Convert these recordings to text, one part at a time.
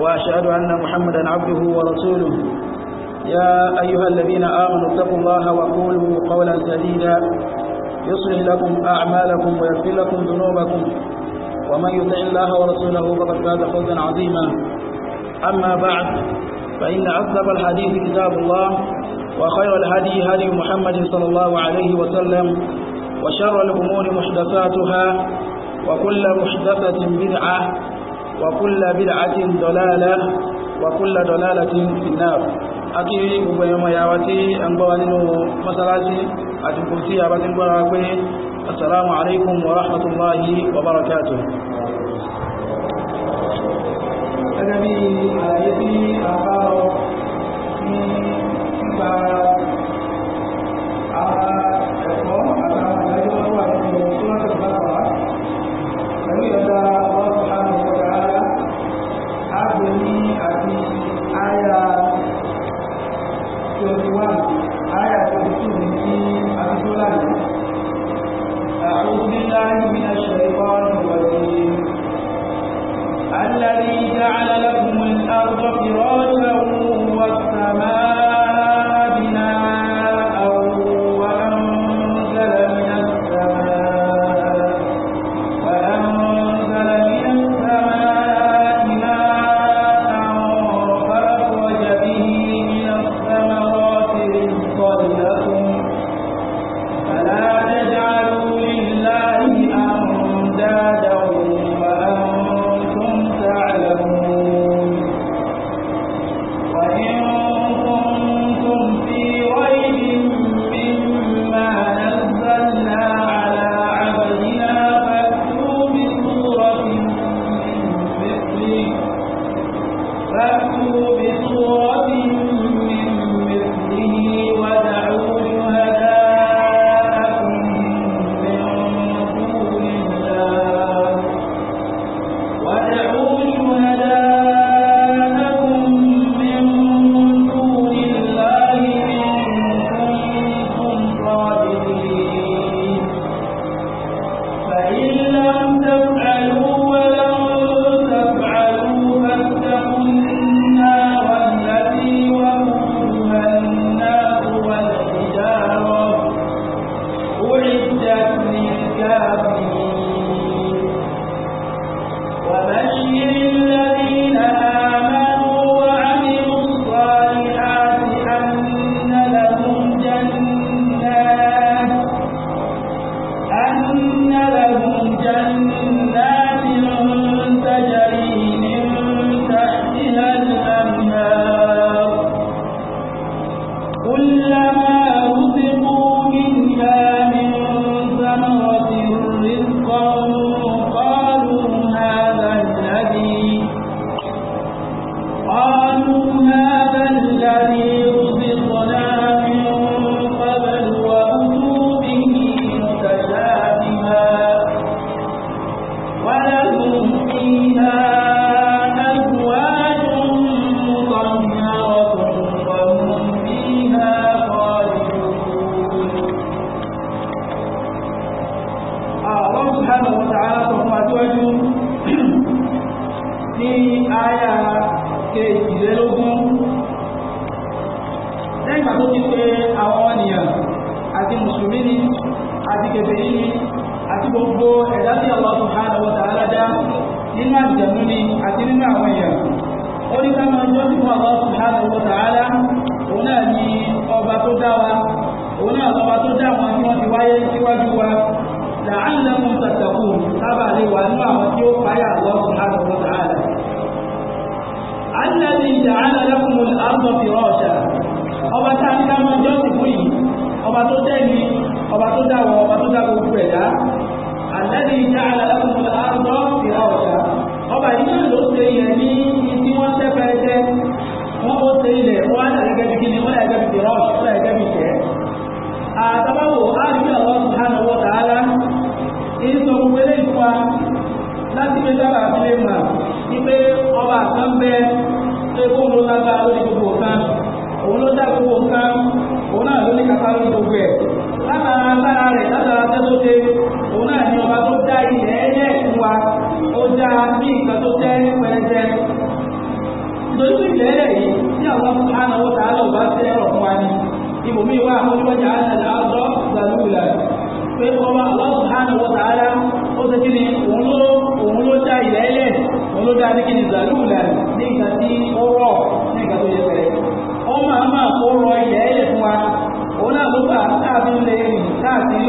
وأشهد أن محمدا عبده ورسوله يا أيها الذين آمنوا اتقوا الله وقولوا قولا سديدا يصلح لكم أعمالكم ويغفر لكم ذنوبكم ومن يطع الله ورسوله فقد فاز فوزا عظيما أما بعد فإن أصدق الحديث كتاب الله وخير الهدي هدي محمد صلى الله عليه وسلم وشر الأمور محدثاتها وكل محدثة بدعة وكل بدعة ضلالة وكل ضلالة في النار akí gbogbo ẹ̀yọ́mọ yàwá tí a ń gbọ́wà nínú masalasi àti kò tí a bá ti ń gbọ́ra pé assalamu alaikum wa rahmatullahi wa barakatuh gẹ́gẹ́ bí الذي جعل لكم الأرض فراشا والسماء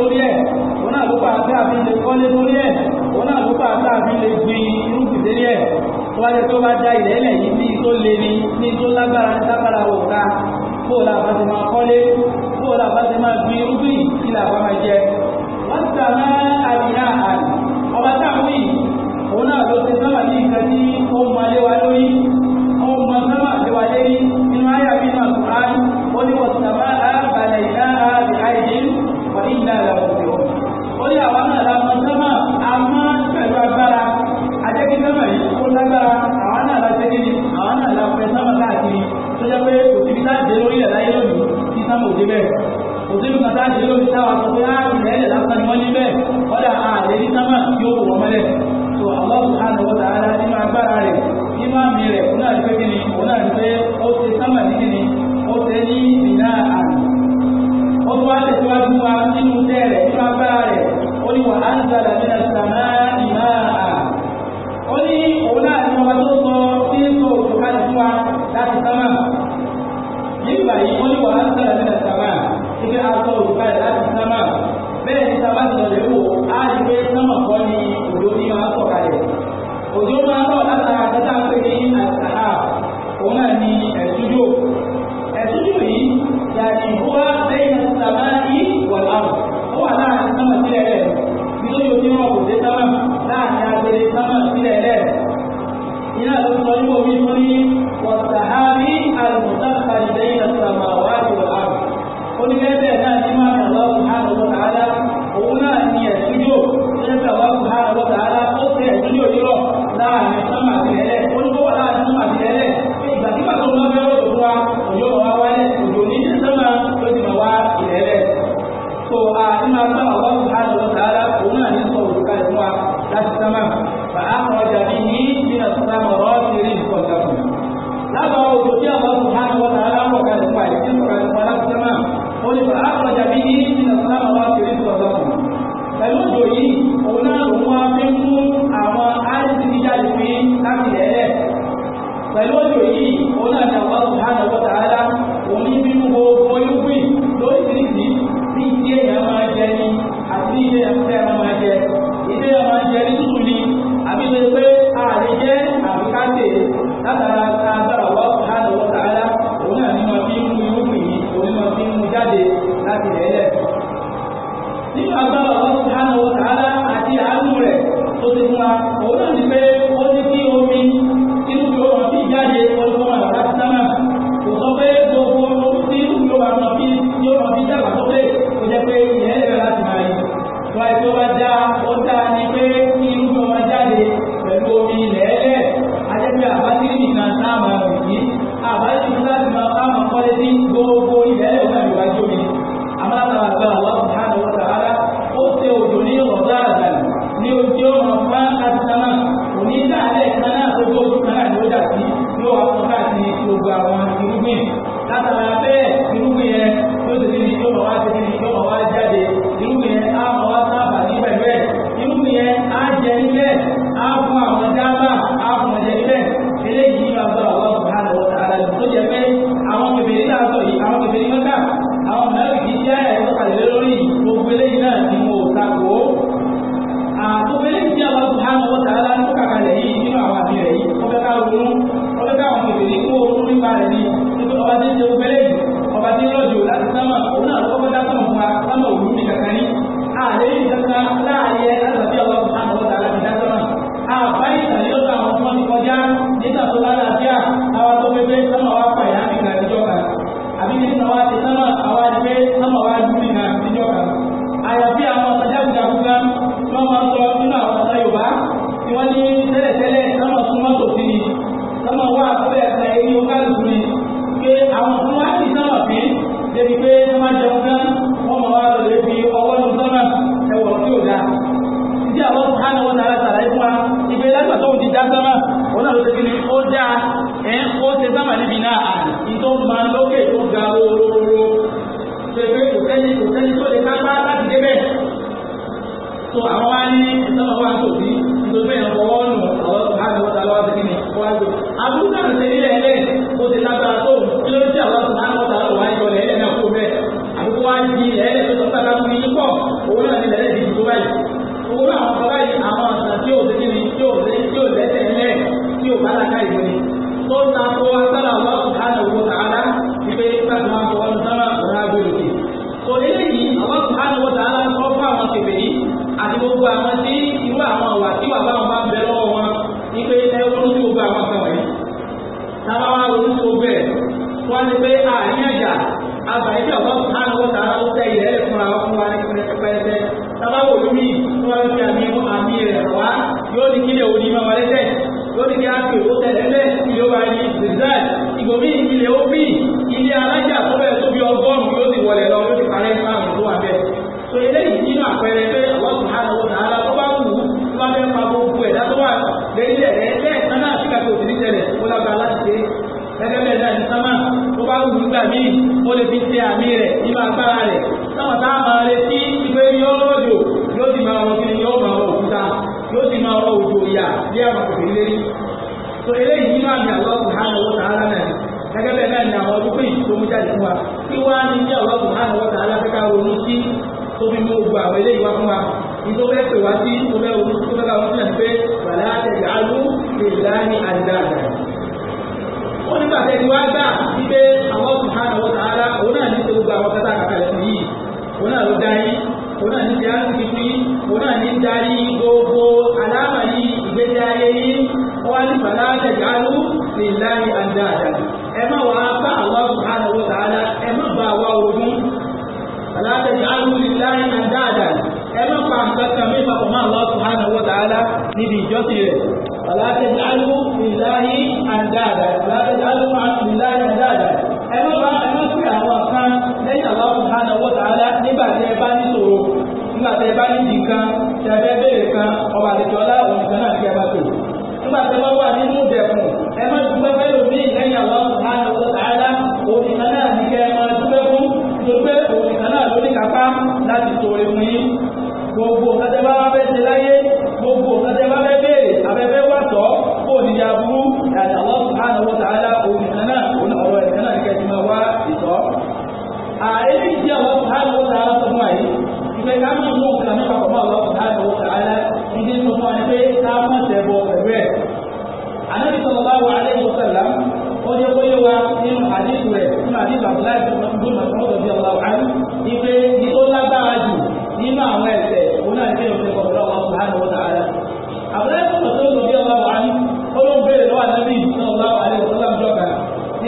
lórí ẹ̀ òun náà ló pa àti àfi lè kọ́lé lórí ẹ̀ òun náà ló pa àti àfi lè gbin irúgbìn lórí ẹ̀ tó wá jẹ́ tó bá da ilẹ̀ ilẹ̀ yìí ní tó le ni ní tó lágbára ní tábàrà wò ká bóòlù àbáṣe máa kọ́lé bóòlù àbáṣe máa gbin irúgbìn ilẹ̀ àbá máa jẹ wọ́n ti sàmẹ́ àdìyà àdì ọba táwọn yìí òun náà ló ti sábà ní ìkàtí ó mọ wá dé lórí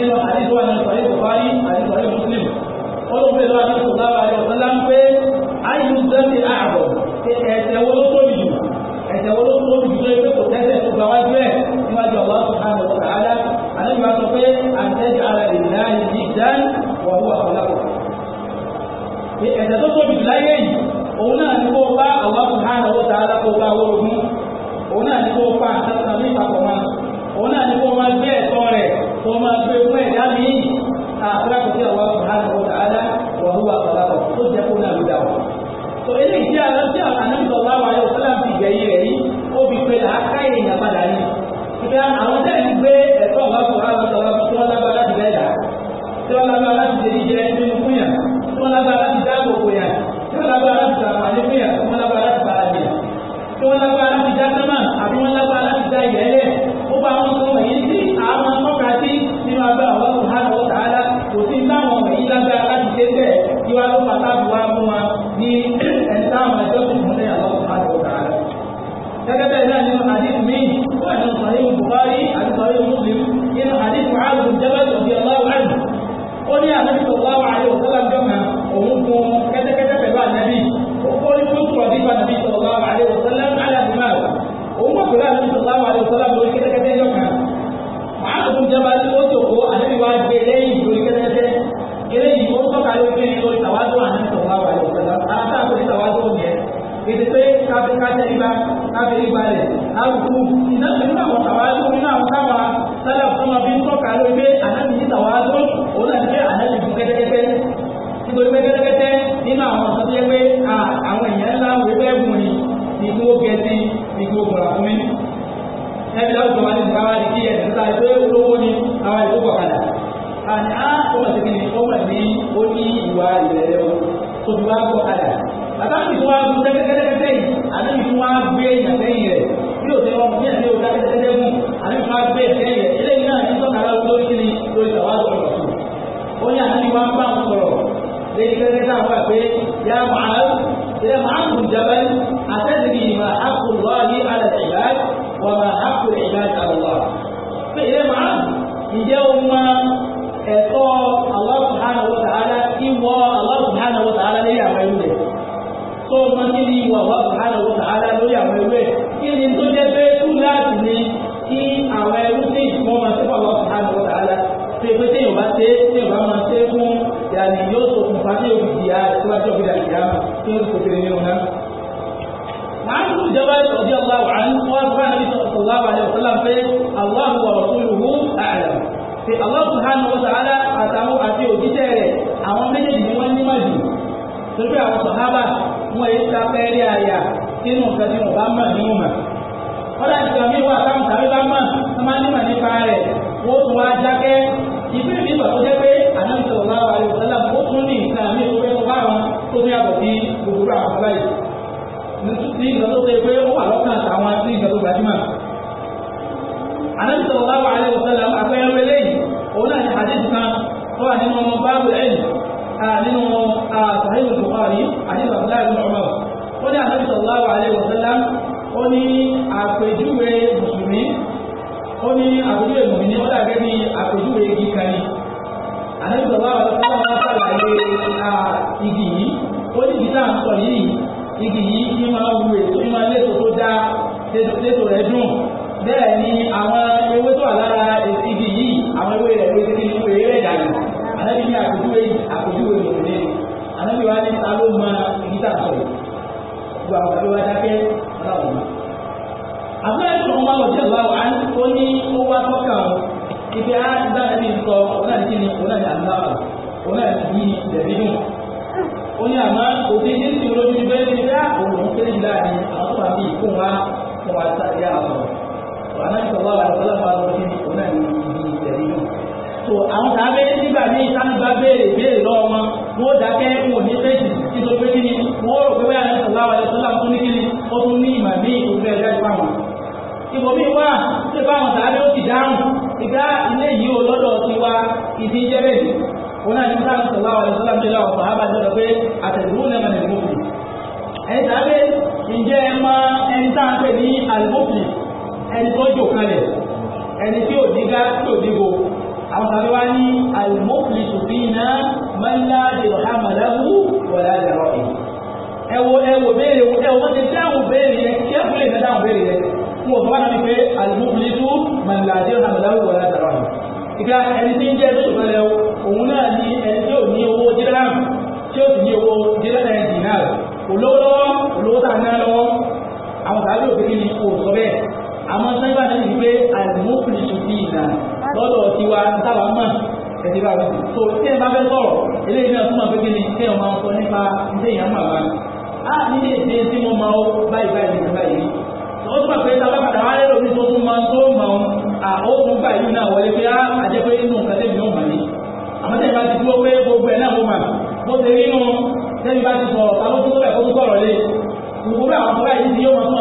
nínú àdíjọ́ àti sọ̀rọ̀ ìbùkárí àti sọ̀rọ̀ muslim ó ló fẹ́ lọ́wọ́ àdíjọ́ lára àjọ sọ́lá ń pé ayé zẹ́mi ààbọ̀ ẹ̀ṣẹ̀ wo ló tóbi jù ẹ̀ṣẹ̀ wo ló tóbi jù lórí pé kò tẹ́sẹ̀ tó gba wájú ẹ̀ níwájú ọ̀wá sọ̀rọ̀ àwọn ọ̀tà àdá àlejò wa sọ pé àtẹ́jú ara lè láàyè ní ìdán wà wúwà ọ̀lá ẹ̀ṣẹ̀ tó tóbi jù láyé yìí òun náà ní kó bá ọ̀wá sọ̀rọ̀ àwọn ọ̀tà àdá kó bá wọ́rọ̀ mú àlọ́ sí àwọn àlọ́ ìgbọ̀wá wáyé kí ni tó jẹ́ pé kú láti ní kí àwọn ẹrú sí ìtumọ̀ máa ṣe pàlọ́ àná wọ́n tààlà tó yẹ pé tí yorùbá ṣe tí yorùbá máa ṣe fún yàrá yóò tó kùn fún yóò fi di ààrẹ tó bá jọ gbé àìyá tí ó kò tẹ̀lé nínú náà. Màá tún ìjọba ìtọ́jú ọ̀la wà ní wọ́n fún àná ìtọ́ ọ̀la ní ọ̀sọ́lá pé Allahu àwọn méjèèjì ni wọ́n àyà nínú nǹkan tí wọ́n bá mọ̀ ní ìmọ̀ kọ́dà tí wọ́n mi wà táwọn tàbí bá mọ̀ tó máa nímọ̀ nípa rẹ̀ wọ́n tún wá jákẹ́ ìbéèrè mi gbà tó jẹ́ pé àdáǹtọ̀ ọ̀la àrẹ òṣèlú ó tún ní nǹkan mi tó fẹ́ tó bá wọn tó ní àbọ̀ sí gbogbo àwọn ọ̀la yìí ní nǹkan tó ṣe pé ó wà lọ́kàn àtàwọn ní nǹkan tó gbajúmọ̀ àdáǹtọ̀ ọ̀la àrẹ òṣèlú àpẹẹrẹ lẹ́yìn òun náà ní àdéhùn kan tó wà nínú ọmọ báàbù ẹ̀yìn nínú àtàlẹ́ ìlú Bukhari àdéhùn àbúlá ìlú sallallahu alaihi wasallam ó ní àpèjúwe mùsùlùmí ó ní àpèjúwe mùsùlùmí ó dàgẹ́ bí àpèjúwe igi kan ni ànábì sallallahu alaihi igi yìí ó ní igi náà sọ yìí igi yìí ní máa wù èso ní máa léso tó dá léso igi yìí àwọn ewé rẹ̀ ló ti kí ní ewé rẹ̀ dànù ànábì ní àpèjúwe àpèjúwe mùsùlùmí ànábì wa ní ta ló ju àwọn àbí wa dákẹ́ ọlọ́run mọ́. àbúrò ẹ̀sùn ọmọ àwọn òjì ọ̀gá wa ó ní ó wá tọ́ka ọ̀ ibi á gbá ẹni sọ òun náà ti ni òun náà ti àlá ọ̀ òun náà ti yí ìdẹ̀bí nù. ó ní àmọ́ òbí ní ti lójú ní bẹ́ẹ̀ ní bá òun kéré jù láàrin àwọn tó wà bí ìkó wa fún wa sáré àwọn ọ̀rọ̀ àná ìsọ̀wọ́ àwọn ọlọ́pàá lọ́wọ́ sí òun náà ti yí ìdẹ̀bí nù. so àwọn tàbí nígbà míì sáńgbà béèrè béèrè lọ́wọ́ wọn wọ́n dákẹ́ wọn ní fẹ́ẹ̀sì nítorí pé kí ni wọ́n rò pé báyà lẹ́sọ̀ láwà lẹ́sọ̀ láwà tó ní kí ni ó tún ní ìmà bí ìgbẹ́ ẹ̀dá ìpá wọn. ìbò mi wà ṣé báwọn tàbí ó ti dáhùn ìgbà ilé yìí ò lọ́dọ̀ ti wá ìdí jẹ́ bẹ́ẹ̀ wọn náà ní sáà lẹ́sọ̀ láwà lẹ́sọ̀ láwà tó láwà fàábà jọ̀dọ̀ pé àtẹ̀dúró lẹ́mọ̀ ní ìmọ̀fì. ẹ̀ tàbí ǹjẹ́ ẹ mọ ẹni tá à ń pè ní àlùmọ́fì ẹni tó jò kalẹ̀ ẹni tí ò dígá tí ò dígo àwọn tàbí wá ní àlùmọ́fì tòfin náà mọ́lá ìrọ̀hámà lẹ́wù wọ̀lá ìrọ̀ yìí ẹwọ ẹwọ béèrè ẹwọ wọ́n ti dáhùn béèrè yẹn kí ẹkùn lè dáhùn béèrè yẹn fún ọ̀tọ́ náà ni pé àlùmọ́kùnrin tó mọ̀lá ìrọ̀hámà lẹ́wù wọ̀lá ìrọ̀ yìí ìgbà ẹni tí ń jẹ́ lóṣùpá lẹ́wọ̀ òun náà ni ẹni tí ò ní owó dírámù tí ó sì ní owó dírámù dínárì olówó lọ́wọ́ olówó tà ní lọ́wọ́ lọ́dọ̀ tiwa táwa mọ̀ ẹ̀dí bá wọn tó tí ẹ bá fẹ́ sọ̀rọ̀ eléyìí náà fún àpékè ni kí ọmọ ọkọ nípa ilé ìyá màmá a nílé ìdí tí mo máa ó báyìí báyìí nípa yìí ó gbà pé tá a bá padà wá lérò mi tó tún máa tó máa ń à ó fún báyìí náà wọlé pé á àjẹ pé inú nǹkan tẹ́bi náà mà ní àmọ́ tẹ́bi bá ti dúró pé gbogbo ẹ̀ náà mo mà mo ti rí inú tẹ́bi bá ti sọ̀rọ̀ ta ló tún bẹ̀ kó tún sọ̀rọ̀ lé gbogbo àwọn ọmọ yóò máa tún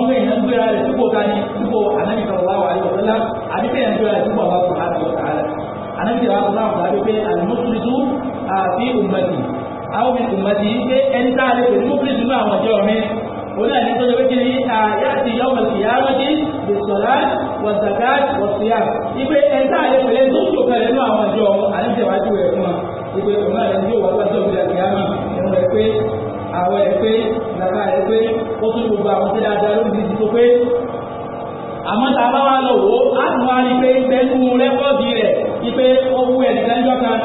àpékè gbéra rẹ̀ dípò ta ni dípò ànáyìnkà wà wà ní ọ̀sán lá àbí bẹ́ẹ̀ ń gbéra rẹ̀ dípò àwọn ọmọ àti ọ̀ ànábìyà ọlọ́run tàbí pé àlùmọ́tìrìsù àti ummati àwọn obìnrin ummati pé ẹni tá a lè pè ní mọ́tìrìsù náà àwọn ọjọ́ mi òun náà ní tó jẹ́ pé kí ni yawm al-qiyamati bis-salat waz-zakat was-siyam ipe ẹni tá a lè pè ní tó tó kẹrẹ nú àwọn ọjọ́ àníjẹ̀ wájú rẹ̀ fún wa ipe òun náà ní yóò wá wájú ọ̀gbìn àkìyàmà ẹ̀rọ ẹ̀ pé àwọn ẹ̀ pé ìlànà ẹ̀ pé ó tún gbogbo àwọn tí dáadáa lórí ti tó pé àmọ́ tá a bá wá lọ wò ó tún wá rí pé bẹ́ẹ̀ nú rẹ́kọ́ọ̀dì rẹ̀ ní pé owó ẹnìkan níjọ́ kan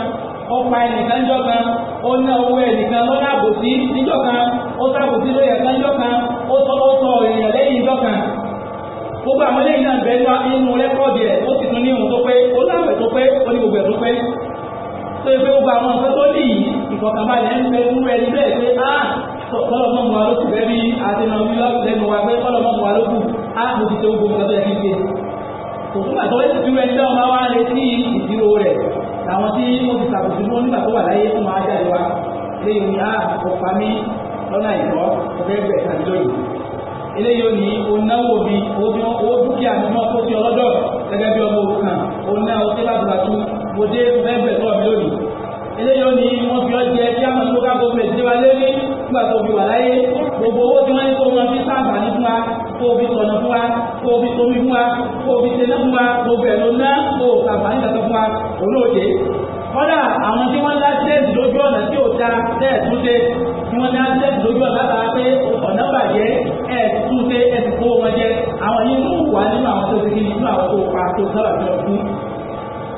ó pa ẹnìkan níjọ́ kan ó ná owó ẹnìkan lọ́nà àbòsí níjọ́ kan ó sábòsí lórí ẹ̀kan níjọ́ kan ó sọ ó sọ èèyàn lẹ́yìn níjọ́ kan gbogbo àwọn eléyìí náà bẹ́ẹ̀ nínú rẹ́kọ́ọ̀dì ẹ̀ ó sì tún ní ìwọ̀n tó pé ó láwẹ̀ tó pé ó ní gbogbo ẹ̀ tó pé tó yẹ pé gbogbo àwọn nǹkan tó lè yìí ìfọ̀kànbalẹ̀ ń bẹ irú ẹni bẹ́ẹ̀ pé á kọ́lọ̀ mọ́ mu alókù bẹ́ẹ̀ bí àti nàá mi lọ́kùnrin lẹ́nu wa pé kọ́lọ̀ mọ́ mu alókù á mo ti ṣe gbogbo nǹkan tó yẹ kí n ṣe kò nígbà tó lẹ́sìn dúró ẹni dáhùn bá wá lé sí ìdúró rẹ̀ làwọn tí wọ́n ti sàkóso mọ́ nígbà tó wà láyé fún máa jáde wá eléyìí ní àkọ́fà mi lọ́nà ìkọ́ ọ̀fẹ́ bẹ̀ sàdúró yìí eléyìí ní onáwó mi owó dúkìá mi mọ́ tó ti ọlọ́dọ̀ gẹ́gẹ́ bí ọmọ òrukàn onáwó tí lábùlà tún mo dé bẹ́ẹ̀ bẹ̀ tọ́ mi lónìí eléyìí ó ní wọ́n fi ọjẹ́ tí a máa tó káàkó fẹ̀ sí wa lórí nígbà tó fi wà láyé gbogbo owó tí wọ́n ní kó wọn fi sáàbà ní fún wa kó fi tọ̀nà fún wa kó fi tomi fún wa kó fi tẹ̀lé fún wa gbogbo ẹ̀ ló ná kó sáàbà ní kankan fún wa olóòjé kọ́dà àwọn tí wọ́n lásìlẹ̀sì lójú ọ̀nà tí ò da tẹ́ẹ̀ tí wọ́n lásìlẹ̀sì lójú ọ̀nà pé ọ̀nà bàjẹ́ ẹ̀ tún ẹ̀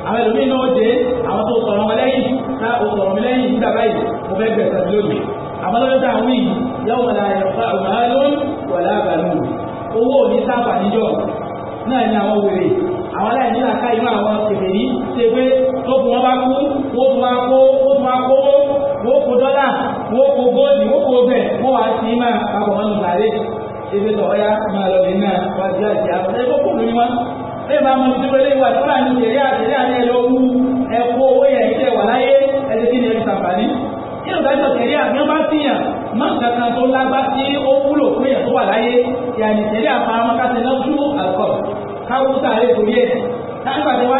àwọn ẹlòmíín náà dé àwọn tó sọ̀rọ̀ wọn lẹ́yìn ká o sọ̀rọ̀ mi lẹ́yìn nígbà báyìí mo fẹ́ gbẹ̀sẹ̀ sí lónìí àwọn lọ́dọ̀ tá àwọn yìí yọ̀wọ̀ la yọ̀fà òmàlóyún wọ̀lá àbàlù owó òní sábà níjọ́ náà ní àwọn wèrè àwọn aláìní làkà inú àwọn kèfè ní ṣe pé tó fún wọn bá kú wọ́n fún wa kó wọ́n fún wa kó wọ́n kó dọ́là wọ́n kó góòlì wọ́n kó bẹ̀ wọ́n wá sí máa papọ̀ mọ́nù sáré ebi tọ̀ ọ́yá máa lọ bí náà wá sí àti àwọn ẹgbẹ́ kò lóyún wọn bẹ́ẹ̀ bá mọ̀ sí wẹ́lẹ́ ìwà ìfúnra ní ìṣẹ̀rí àṣẹ̀rí àti ẹ̀lọ́ wú ẹ̀kọ́ owó yẹn ìṣẹ̀ wà láyé ẹ̀sẹ̀ kí ni ẹ̀sẹ̀ àǹfààní. nínú ìdájọ́ ìṣẹ̀rí àmì ọba síyàn má nǹkan kan tó lágbá tí ó wúlò fún yẹn tó wà láyé yàní ìṣẹ̀rí àpamọ́ kásẹ̀ náà tú àkọ́ káwọ́ sáré torí ẹ̀ tágbàdé wá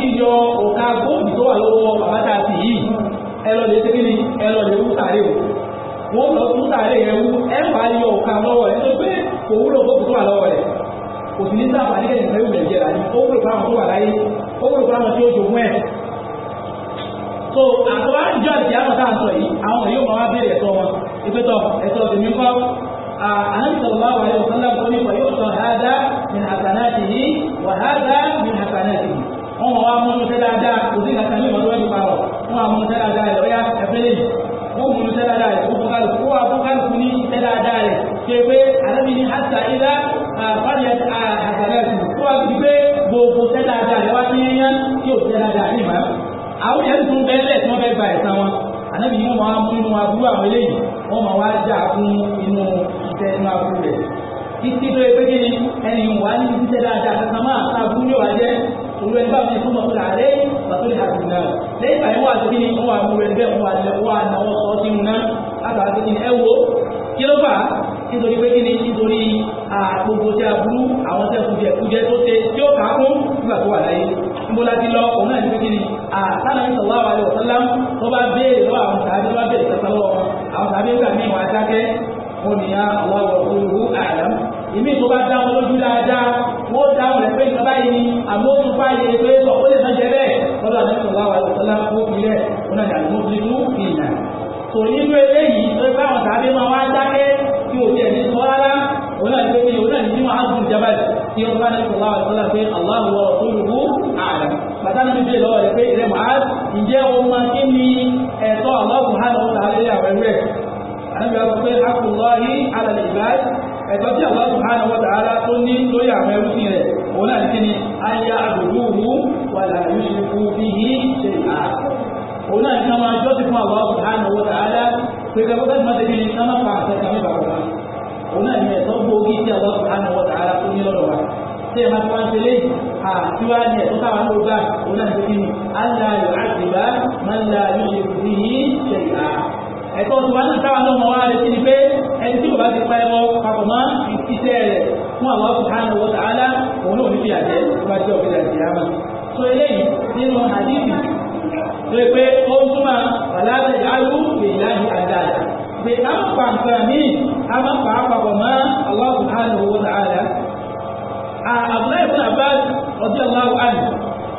ti yọ òka o wọ́n lọ tún sáré yẹn wú ẹ wàá yọ òka lọ́wọ́ ẹ tó gbé òwúlò góòlù tó wà lọ́wọ́ rẹ̀ kò sì ní sábà nílẹ̀ ìfẹ́ yóò bẹ̀rẹ̀ jẹ́ra ní ó wùlò fáwọn tó wà láyé ó wùlò fáwọn tí ó jogún ẹ̀ so àtọ́ àjọ àti àwọn tá à ń sọ yìí àwọn yóò máa wá béèrè ẹ̀tọ́ wọn ìpẹ́tọ̀ ẹ̀tọ́ tèmi kọ́ àhánì sallallahu alaihi wasallam tó nípa yóò sọ hádá min hasanatihi wà hádá min hasanatihi wọn máa wá múnú sẹ́ dáadáa kò sí nǹkan ní ìmọ̀lúwẹ́ nípa rọ̀ wọn máa múnú àfáàdì àtàlẹ́sì tó wá ti gbé gbogbo tẹ́ dáadáa rẹ̀ wá sí yíyán tí ò tẹ́ dáadáa ní ìmọ̀ àwọn yẹn tún bẹ́ẹ̀ lẹ̀ tí wọ́n fẹ́ gba ẹ̀san wọn ànábì yìí wọ́n máa mú inú aburú àwọn eléyìí wọ́n máa wá já fún inú iṣẹ́ inú aburú rẹ̀ títí tó yẹ pé kí ni ẹni wà ní iṣẹ́ dáadáa kankan máa ta aburú ní wà jẹ́ olú ẹni báwọn ẹni tó máa fúnra rẹ̀ bàtó lè hàbí náà lẹ́yìn ìgbà yẹn wà sí kí ni wọ́n wà mú rẹ̀ bẹ́ẹ̀ wọ́n wà náwó sọ́ọ́ sínú náà látàrí kí ni ẹ wo kí ló fà á nítorí pé kí ni nítorí gbogbo tí a burú àwọn tí a tún fi ẹ̀kú jẹ́ tó ṣe tí ó kà á kún nígbà tó wà láyé níbo la ti lọ òun náà ní pé kí ni àtàlàyé sallallahu alaihi wasallam tó bá béèrè lọ àwọn tàbí tó bá béèrè kẹta lọ àwọn tàbí ń gbà mí wọn adákẹ́ wọn ni Allahu wa rasuluhu a'lam ìmí tó bá dáhùn lójú dáadáa wọ́n dáhùn rẹ̀ pé ìjọba yìí ni àmọ́ ó tún fáyé pé ó lè má jẹ bẹ́ẹ̀ lọ́dọ̀ àdéhùn sallallahu alaihi wasallam ó fi rẹ̀ wọn náà ní àlùmọ́ tò nínú eléyìí tó bá àwọn tàbí máa wá dákẹ́ tí o tiẹ̀ ní sọ rárá òun náà tó ní òun náà ní máa dùn jábà tí o bá nípa wà sọ́lá pé Allahu wa olùkú ààrẹ bàtà níbi bíi lọ́wọ́ rẹ̀ pé ìrẹ́ Mu'adh ǹjẹ́ o máa kí ni ẹ̀tọ́ Allahu hàn ó tàbí àwọn ẹ̀rẹ́ àníbi wá pé akùnlọ́ọ̀hí alẹ́ ìbáyé ẹ̀tọ́ tí Allah subhanahu wa ta'ala tó ní lórí àwọn ẹrúsìn rẹ̀ òun náà ní ni ayé àdúgbò wù wàlà yóò ṣe fún ṣe ìhà òun náà ní ká máa jọ́sìn fún àwọn subhanahu wa ta'ala pé kẹ́kọ̀ọ́ bẹ́ẹ̀ máa tẹ̀lé ní ká máa fa àṣẹ kàmí bàbá wa òun náà ní ẹ̀tọ́ gbòógì tí àwọn subhanahu wa ta'ala fún ní lọ́dọ̀ wa tí ẹ máa fi wọ́n tẹ̀lé àti wá ní ẹ̀tọ́ táwọn ló gbà òun náà ti fi ní alá yóò àdìbá máa ń la yóò ṣe fi yí ẹ̀tọ́ tí wọ́n ti pa ẹbọ papọ̀ mọ́ ìṣiṣẹ́ rẹ̀ fún ní fi àjẹ́ tó yẹ pé ó ń túmọ̀ wàláàbí alú ìlànà àdáyà pé a ń pa nǹkan míì a máa pa àpapọ̀ mọ́ Allah subhanahu wa ta'ala Abdullahi ibn Abbas radiyallahu anhu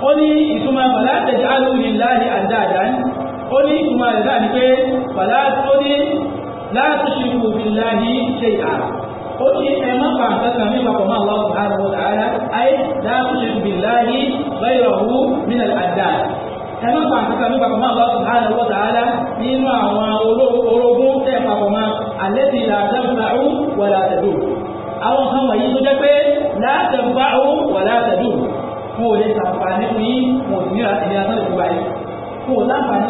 ó ní ìtumọ̀ wàláàbí alú ìlànà àdáyà ó ní ìtumọ̀ rẹ̀ ni pé wàláàbí ó ní láti ṣubú billahi shay'a ó ní ẹ má pa nǹkan kan míì papọ̀ mọ́ Allah subhanahu wa ta'ala ayé láti ṣubú billahi ghayrahu ẹ má gba nǹkan kan ní papọ̀ mọ́ Allah subhanahu wa ta'ala nínú àwọn orogún tẹ̀ papọ̀ mọ́ allati la tanfa'u wa la tadur àwọn nǹkan wọ̀nyí tó jẹ́ pé la tanfa'u wa la tadur wọn ò lè sàǹfààní fún yín wọn ò sì ní àtìlẹ́yìn àtọ́ lè kó báyìí wọn ò láǹfààní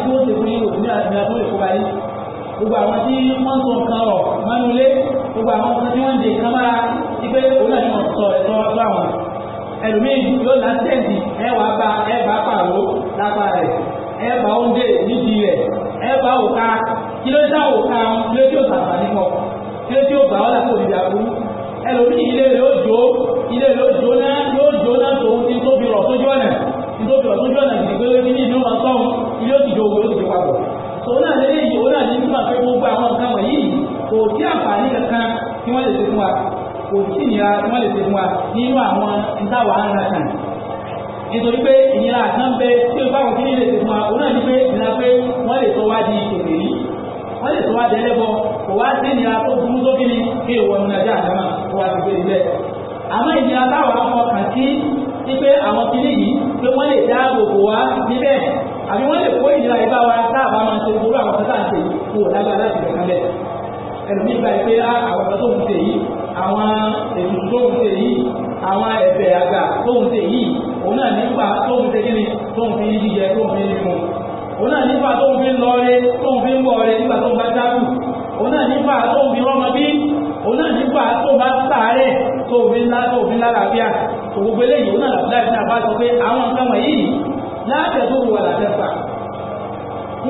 ẹlòmíì yóò lá tẹ́ǹtì ẹwà bá ẹbà pàrọ̀ lápá rẹ̀ ẹbà oúnjẹ níbi rẹ̀ ẹbà òka kí ló dá òka kí ló tí ó sàfà nípa kí ló tí ó gbà ọ́ lápò ìdí àbú ẹlòmíì ilé rẹ̀ ó jó ilé rẹ̀ ó jó náà yóò jó náà tó ti tóbi rọ̀ sójú ọ̀nà ti tóbi rọ̀ sójú ọ̀nà ìgbélé ní ìlú máa sọ́hun ilé ó ti jó owó ó ti jó papọ̀ òun náà lélẹ́yìn òun náà kò sí ìnira wọ́n lè fi fún wa nínú àwọn ìtawà ńlátàn nítorí pé ìnira kan bẹ tí o báwọn kìíní lè fi fún wa òun náà ní pé ìnira pé wọ́n lè sọ wá di ìṣòro yìí wọ́n lè sọ wá di ẹlẹ́bọ kò wá sí ìnira tó burú tó kíni kí ìwọ ní ajá àdámà kó wá ti gbé ilẹ̀ àmọ́ ìnira táwa ọkọ̀ kàn sí ní pé àwọn kìíní yìí pé wọ́n lè dáàbò bò wá níbẹ̀ àbí wọ́n lè kó ìnira ìbá wa táàbà máa ṣe gbogbo àwọn kọ́tà ń ṣe kó o lágbára láti rẹ̀ kan bẹ́ẹ̀ ẹlòmíì ìpè ah, àwọn ètò tóun ṣe yìí àwọn ẹ̀bẹ̀ àgbà tóun ṣe yìí òun náà nípa tóun ṣe kíni tóun fi ń jíjẹ tóun fi ń fún òun náà nípa tóun fi ń lọrẹ tóun fi ń wọrẹ nígbà tóun bá dákù òun náà nípa tóun fi rọmọ bí òun náà nípa tóun bá sàárẹ̀ tóun fi ńlá tóun fi ńlá làbíà òun gbélé yìí òun náà làbíà ìdí àbá sọ pé àwọn nǹkan wọ̀nyí láti ẹ̀dùn wà látẹ́fà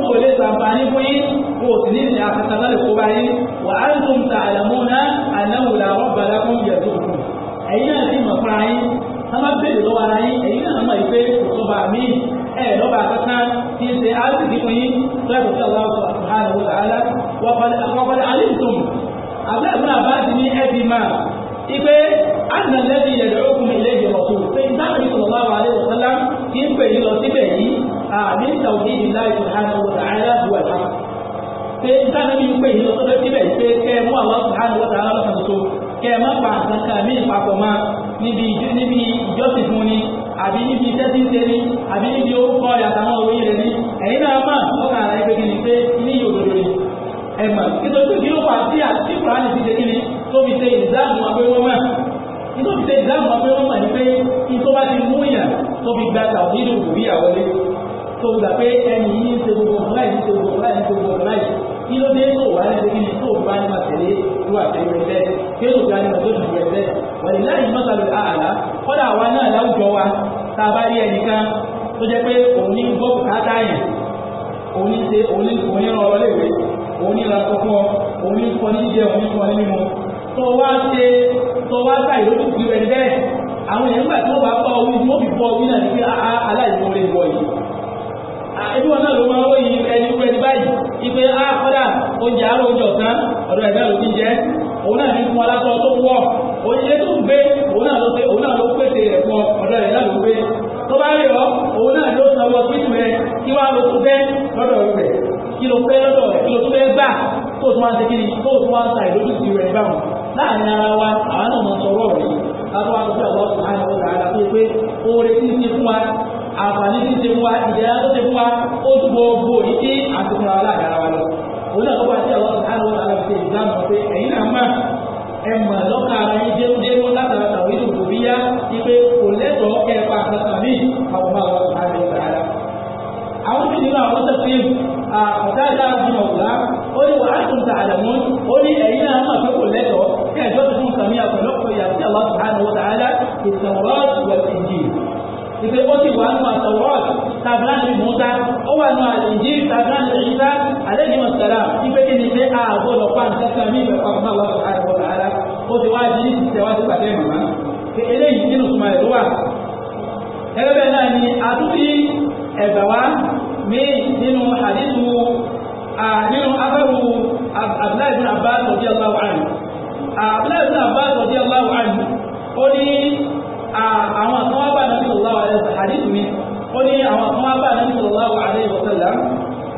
wọn ò lè sàǹfààní fún yín wọn ò sì ní ìsìn àkàtà lálẹ́ kó bá yín wà á ń tún ta àlàmú náà ànáwó làwọn bàlá fún yẹ̀ tó kù ẹ̀yin náà ti mọ̀ fúnra yín wọ́n bá bèèrè lọ́wọ́ ara yín ẹ̀yin náà mọ̀ ìpè òtúnba mi ẹ̀ lọ́ba kankan tí ń ṣe áàtìkì fún ní ẹ̀dì máa ipe ánàlẹ́bí ẹ̀dọ̀ òkun ilé ìjọba tó pé ìdáhùn ìsọ̀rọ̀ bá wà lẹ́wọ̀ sọ́lá kí ń pè yín lọ síbẹ̀ yìí àmì tawhid Allah subhanahu wa ta'ala huwa al-haq pé nítorí bí pé ìlú tó lọ́sí pé kẹ́ mú Allah subhanahu wa ta'ala lọ́sàn tó kẹ́ má pa nǹkan kan mí papọ̀ mọ́ níbi ìjọsìn fún ni àbí níbi iṣẹ́ tí ń ṣe ní àbí níbi orúkọ rẹ̀ àtàwọn òwe rẹ̀ ní ẹ̀yìn náà mà ọkà ara ẹgbẹ́ kìíní pé ní ìyòdòdò ni ẹ̀mà nítorí pé kí ló wà sí àti kùránì ti ṣe kìíní tó fi ṣe ìdáàmú agbéwọ́n mà nítorí fi ṣe ìdáàmú agbéwọ́n tó bá ti mú ìyàn tó fi gba tàbí ìlú òbí àwọlé tó gbà pé ẹni yìí ń ṣe gbogbo ọ̀rọ̀ láì ń ṣe gbogbo ọ̀rọ̀ láì ń ṣe gbogbo ọ̀rọ̀ láì kí ló dé tó wà ní ṣe tó bá ní ma tẹ̀lé tó wà tẹ̀lé rẹ̀ bẹ́ẹ̀ kí ló dá ní ma tó dùn rẹ̀ bẹ́ẹ̀ wọ̀nyí láì mọ́sálù àlá kọ́dà àwa náà láwùjọ wa tá a bá rí ẹnìkan tó jẹ́ pé òun ní gbọ́ bùkátà yẹn òun ní ṣe òun ní òun ní rọrọ léwe òun ní ra kọ́kọ́ òun ní kọ́ ní jẹ òun ní kọ́ ní mímu tó wá ṣe tó wá ta ìlókù sí rẹ̀ bẹ́ẹ̀ àwọn èèyàn gbà tí wọ́n bá bọ́ omi tí wọ́n fi bọ́ omi náà ní pé aláìsàn lè bọ́ yìí ẹbí wọn náà ló máa wọ́n yìí ẹni wọ́n ẹni báyìí ipe ah, á kọ́dà oúnjẹ àárọ̀ oúnjẹ ọ̀sán ọ̀dọ̀ ẹ̀dá ló ti jẹ́ òun náà ní fún aláṣọ tó wọ̀ òun ilé tó ń gbé òun náà ló òun náà ló pèsè rẹ̀ pọ̀ ọ̀dọ̀ ẹ̀dá ló gbé tó bá rí ọ òun náà ló sọ wọ títù rẹ kí wàá ló tún fẹ́ lọ́dọ̀ rẹ̀ kí ló fẹ́ lọ́dọ̀ rẹ̀ kí ló tún fẹ́ gbà tó tún wá ń ṣe kí ni tó tún wá ń ta ìlójútì rẹ̀ báwọn láàrin ara wa àwọn náà mọ̀ sọ̀rọ̀ rẹ̀ káwọn wá sọ pé àwọn ọ̀sán àwọn ọ̀sán àdàpọ̀ pé oore tí ń ṣe fún wa àǹfààní tí ṣe wá ìdẹ́ra tó ṣe wá ó gbogbo ìdí àtìkùn ara àdára wa lọ òun náà lọ́pàá tí àwọn àwọn àlàfíṣe ìdáàmú pé ẹ̀yin náà mà ẹ mà lọ́kà ara yín déédéé wọn látara tàwọn ìlú kò bí yá ni pé kò lẹ́tọ̀ọ́ kẹ́ ẹ pa kankan ní àwọn ọmọ àwọn àlẹ́ ìdára àwọn tí nínú àwọn tẹ̀sí ọ̀dá ìdára fún ọ̀gá ó ní wàá tún ta àdàmú ó ní ẹ̀yin náà mà pé kò lẹ́tọ̀ọ́ kẹ́ ẹ̀jọ́ tuntun sàmì àpẹ̀lọ́pọ̀ yàtí àwọn àlọ́ ìpè ó sì wà nù àtọwọ́d tàbílán ní mọ́tà ó wà nù àlèjì tàbílán ní ìta àlejò mọ̀sára ìpè kí ni pé ààbò lọ́pàá nǹkan kan ní ìgbà pàmò àwọn àrùn ọ̀la ara ó ti wá di ìtẹ̀wájú pàtẹ́ màmá eléyìí nínú sùnmọ́ ẹ̀ ló wà. gẹ́gẹ́ bẹ́ẹ̀ náà ni àtúntì ẹ̀gbà wa mí nínú àdínkù nínú abẹ́rù Abdullahi bin Abbas radiyallahu anhu Abdullahi bin Abbas radiyallahu anhu ó ní Ah, àwọn kan wá bá nàbí sallallahu alaihi wasallam àdìsí mi ó ní àwọn kan wá bá nàbí sallallahu alaihi wasallam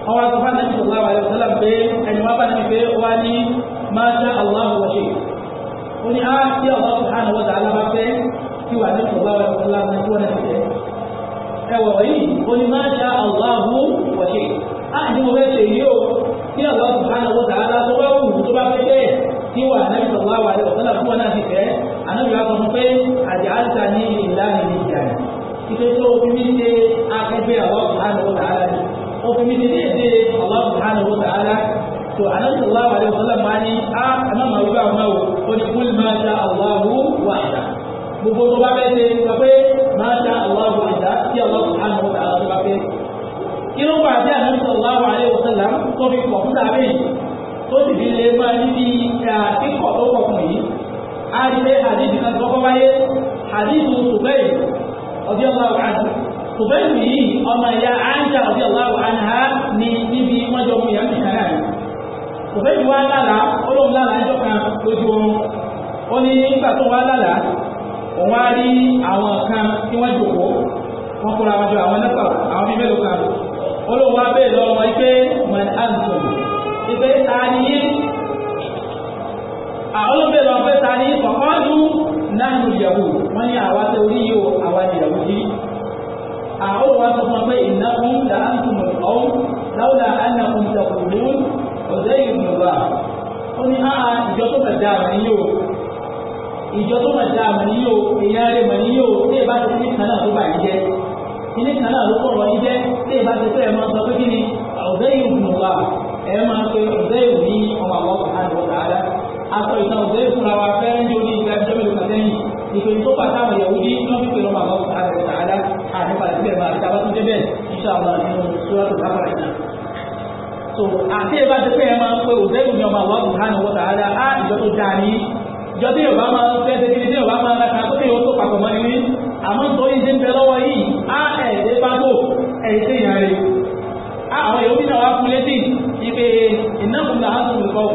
wọ́n wá sọ fún nàbí sallallahu alaihi wasallam pé ẹni wá bá nàbí pé wá ní masha Allahu wa shi ó ní á ah, tí Allah subhanahu wa ta'ala bá kí wà ní wọ́n náà ní ah, kí wọ́n náà anábì wa sọ fún pé àjà àjà ní ìlànà ìlú ìjà rẹ̀ ìpè tó fi mí ṣe akẹgbẹ́ Allah subhanahu wa ta'ala ni ó fi mí ṣe déédé Allah subhanahu wa ta'ala tó anábì sallallahu alaihi wasallam máa ní á anábì wa gbà wọn ó ní kúlì máa ṣá Allahu wahda gbogbo tó bá bẹ́ẹ̀ ṣe sọ pé máa ṣá Allahu wahda sí Allah subhanahu wa ta'ala tó bá fẹ́ kí ló bá dé anábì sallallahu alaihi wasallam tó fi kọ̀ fún tàbí tó sì fi lè máa níbi kíkọ̀ tó kọ̀ fún yìí a rí pé àdìsí kan kọ́kọ́ wáyé àdìsí tùbẹ́yì ọdí ọláwọ̀ àná tùbẹ́yì yìí ọmọ ìyá àńjà ọdí ọláwọ̀ àná ha ní níbi wọ́n jọ mú ìyàmì náà rẹ̀ tùbẹ́yì wá lálà ó lóun lálà ẹjọ́ kan lójú oorun ó ní nígbà tó wá lálà òun á rí àwọn àwọn olóògbé lọ pé ta ní ọ̀kọ́dù náà ní ìyàwó wọ́n ní àwa tó rí yóò àwa ìyàwó yìí àwọn olùwà sọ fún pé ìnákun làǹtù mọ̀lọ́wọ́ láwùlà ànàkùn ìtàkùnlú ọ̀dẹ́ ìgbìmọ̀gbà ó ní á ìjọ tó mọ̀ dáa mọ̀ níyò ìjọ tó mọ̀ dáa mọ̀ níyò èèyàn rẹ̀ mọ̀ níyò tí ìbá ti ní kan náà tó bà yín jẹ́ ilé kan náà ló kọ̀rọ̀ yín jẹ́ tí ìbá ti fẹ́ máa sọ pé kí ni ọ̀dẹ́ ìgbìmọ̀gbà ẹ máa pe ọ̀dẹ́ ìwòyí ọmọ àwọn ọ̀hánìwọ̀n tààdá aṣọ ìtàn òṣèré fúnra wa fẹ́rẹ́ ní orí ìgbà ìjọba ìlú kàtẹ́yìn ìpè tó bá táwọn ìyàwó ní lọ́sí pẹ̀lú màmá òṣàlẹ̀ òṣàlẹ̀ àdúgbà sílẹ̀ máa ti abá tó dé bẹ́ẹ̀ iṣẹ́ àwọn nínú sóràtò lábàrà ìtàn. so àti ẹ bá ti pé ẹ máa ń pe òṣèlú ní ọmọ àwọn òṣàlẹ̀ òṣàlẹ̀ á ìjọ tó dáa ní ìjọ tí yorùbá máa ń fẹ́ ṣe kí ni tí yorùbá máa ń raka tó tí yóò tó papọ̀ mọ́ ni àmọ́ nítorí ṣe ń bẹ lọ́wọ́ yìí á ẹ̀ẹ́dẹ́ bá bò ẹ̀ẹ́dẹ́ ìyá rẹ̀ á àwọn yòókù náà wá fún létí ibi ìnáwó làásùn ìkọ̀wé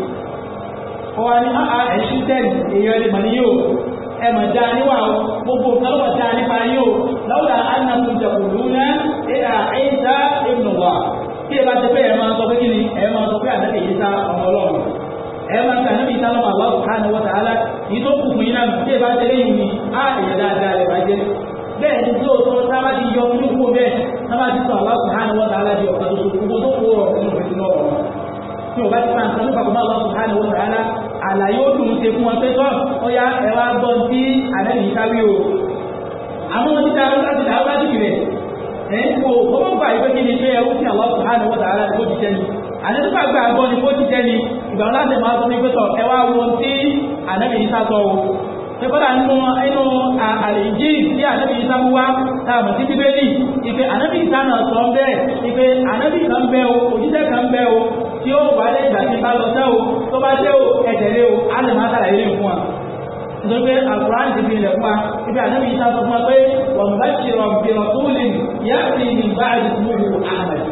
ọwọ́ ni a ah, ah, ẹ̀ṣí tẹ́lì èèyàn lè mọ̀ ní yóò ẹmọ̀ dáa níwà gbogbo lọ́wọ́ dáa nípa yóò lọ́wọ́dà annakun jẹ̀kùnrù náà ẹ̀dà ẹ̀dà ìmùwà kí ẹ bá ti pé ẹ máa sọ pé kí ni ẹ máa sọ pé àdáké yìí ta ọmọ ọlọ́run ẹ máa ta níbi ìta lọ́mọ àwọn ọ̀ká ni wọ́n tààlà yìí tó kùkù yìí náà kí ẹ bá ti léyìn ni á èèyàn dáadáa lè bàjẹ́ bẹ́ẹ̀ ni tí ó tọ́ tá a bá ti yọ ní kú bẹ́ẹ̀ tá a bá ti sọ àwọn ọ̀ká ni wọ́n tààlà di ọ̀kan tó so gbogbo tó kú ọ̀rọ̀ nínú ìfẹ́ àlàyé ó dùn ṣe fún wọn pé tọ́ ọya ẹ gbọ́ tí àlẹ́yìn káwí o àwọn ohun títa láti dá wá dìbìrẹ̀ ẹ̀ ń kó owó gbà ìwé kí ni pé ẹ ó àwọn ọkùnrin àwọn ọ̀tà ara tó ti ni àlẹ́ nípa gbà gbọ́ ni kó ti ni ìgbà láti máa sọ ní pé tọ́ ẹ wá wo tí àlẹ́yìn ṣe kọ́dà nínú inú àlèjì tí ànábì Ìsá mú wá táàmù sí bíbélì ìpè ànábì Ìsá náà sọ bẹ́ẹ̀ ìpè ànábì kan bẹ́ o òjíṣẹ́ kan bẹ́ o tí ó wà lẹ́yìn ìgbà tí bá lọ sẹ́ o tó bá dé o ẹ̀tẹ̀lé o á lè má sàlàyé lè fún wa nítorí pé àkùrán ti fi ilẹ̀ fún wa ibi ànábì Ìsá sọ fún wa pé wọ́n bá ṣèrọ̀ bìrọ̀ tó lè yá sí ìgbà àdìsúnmù àmàlì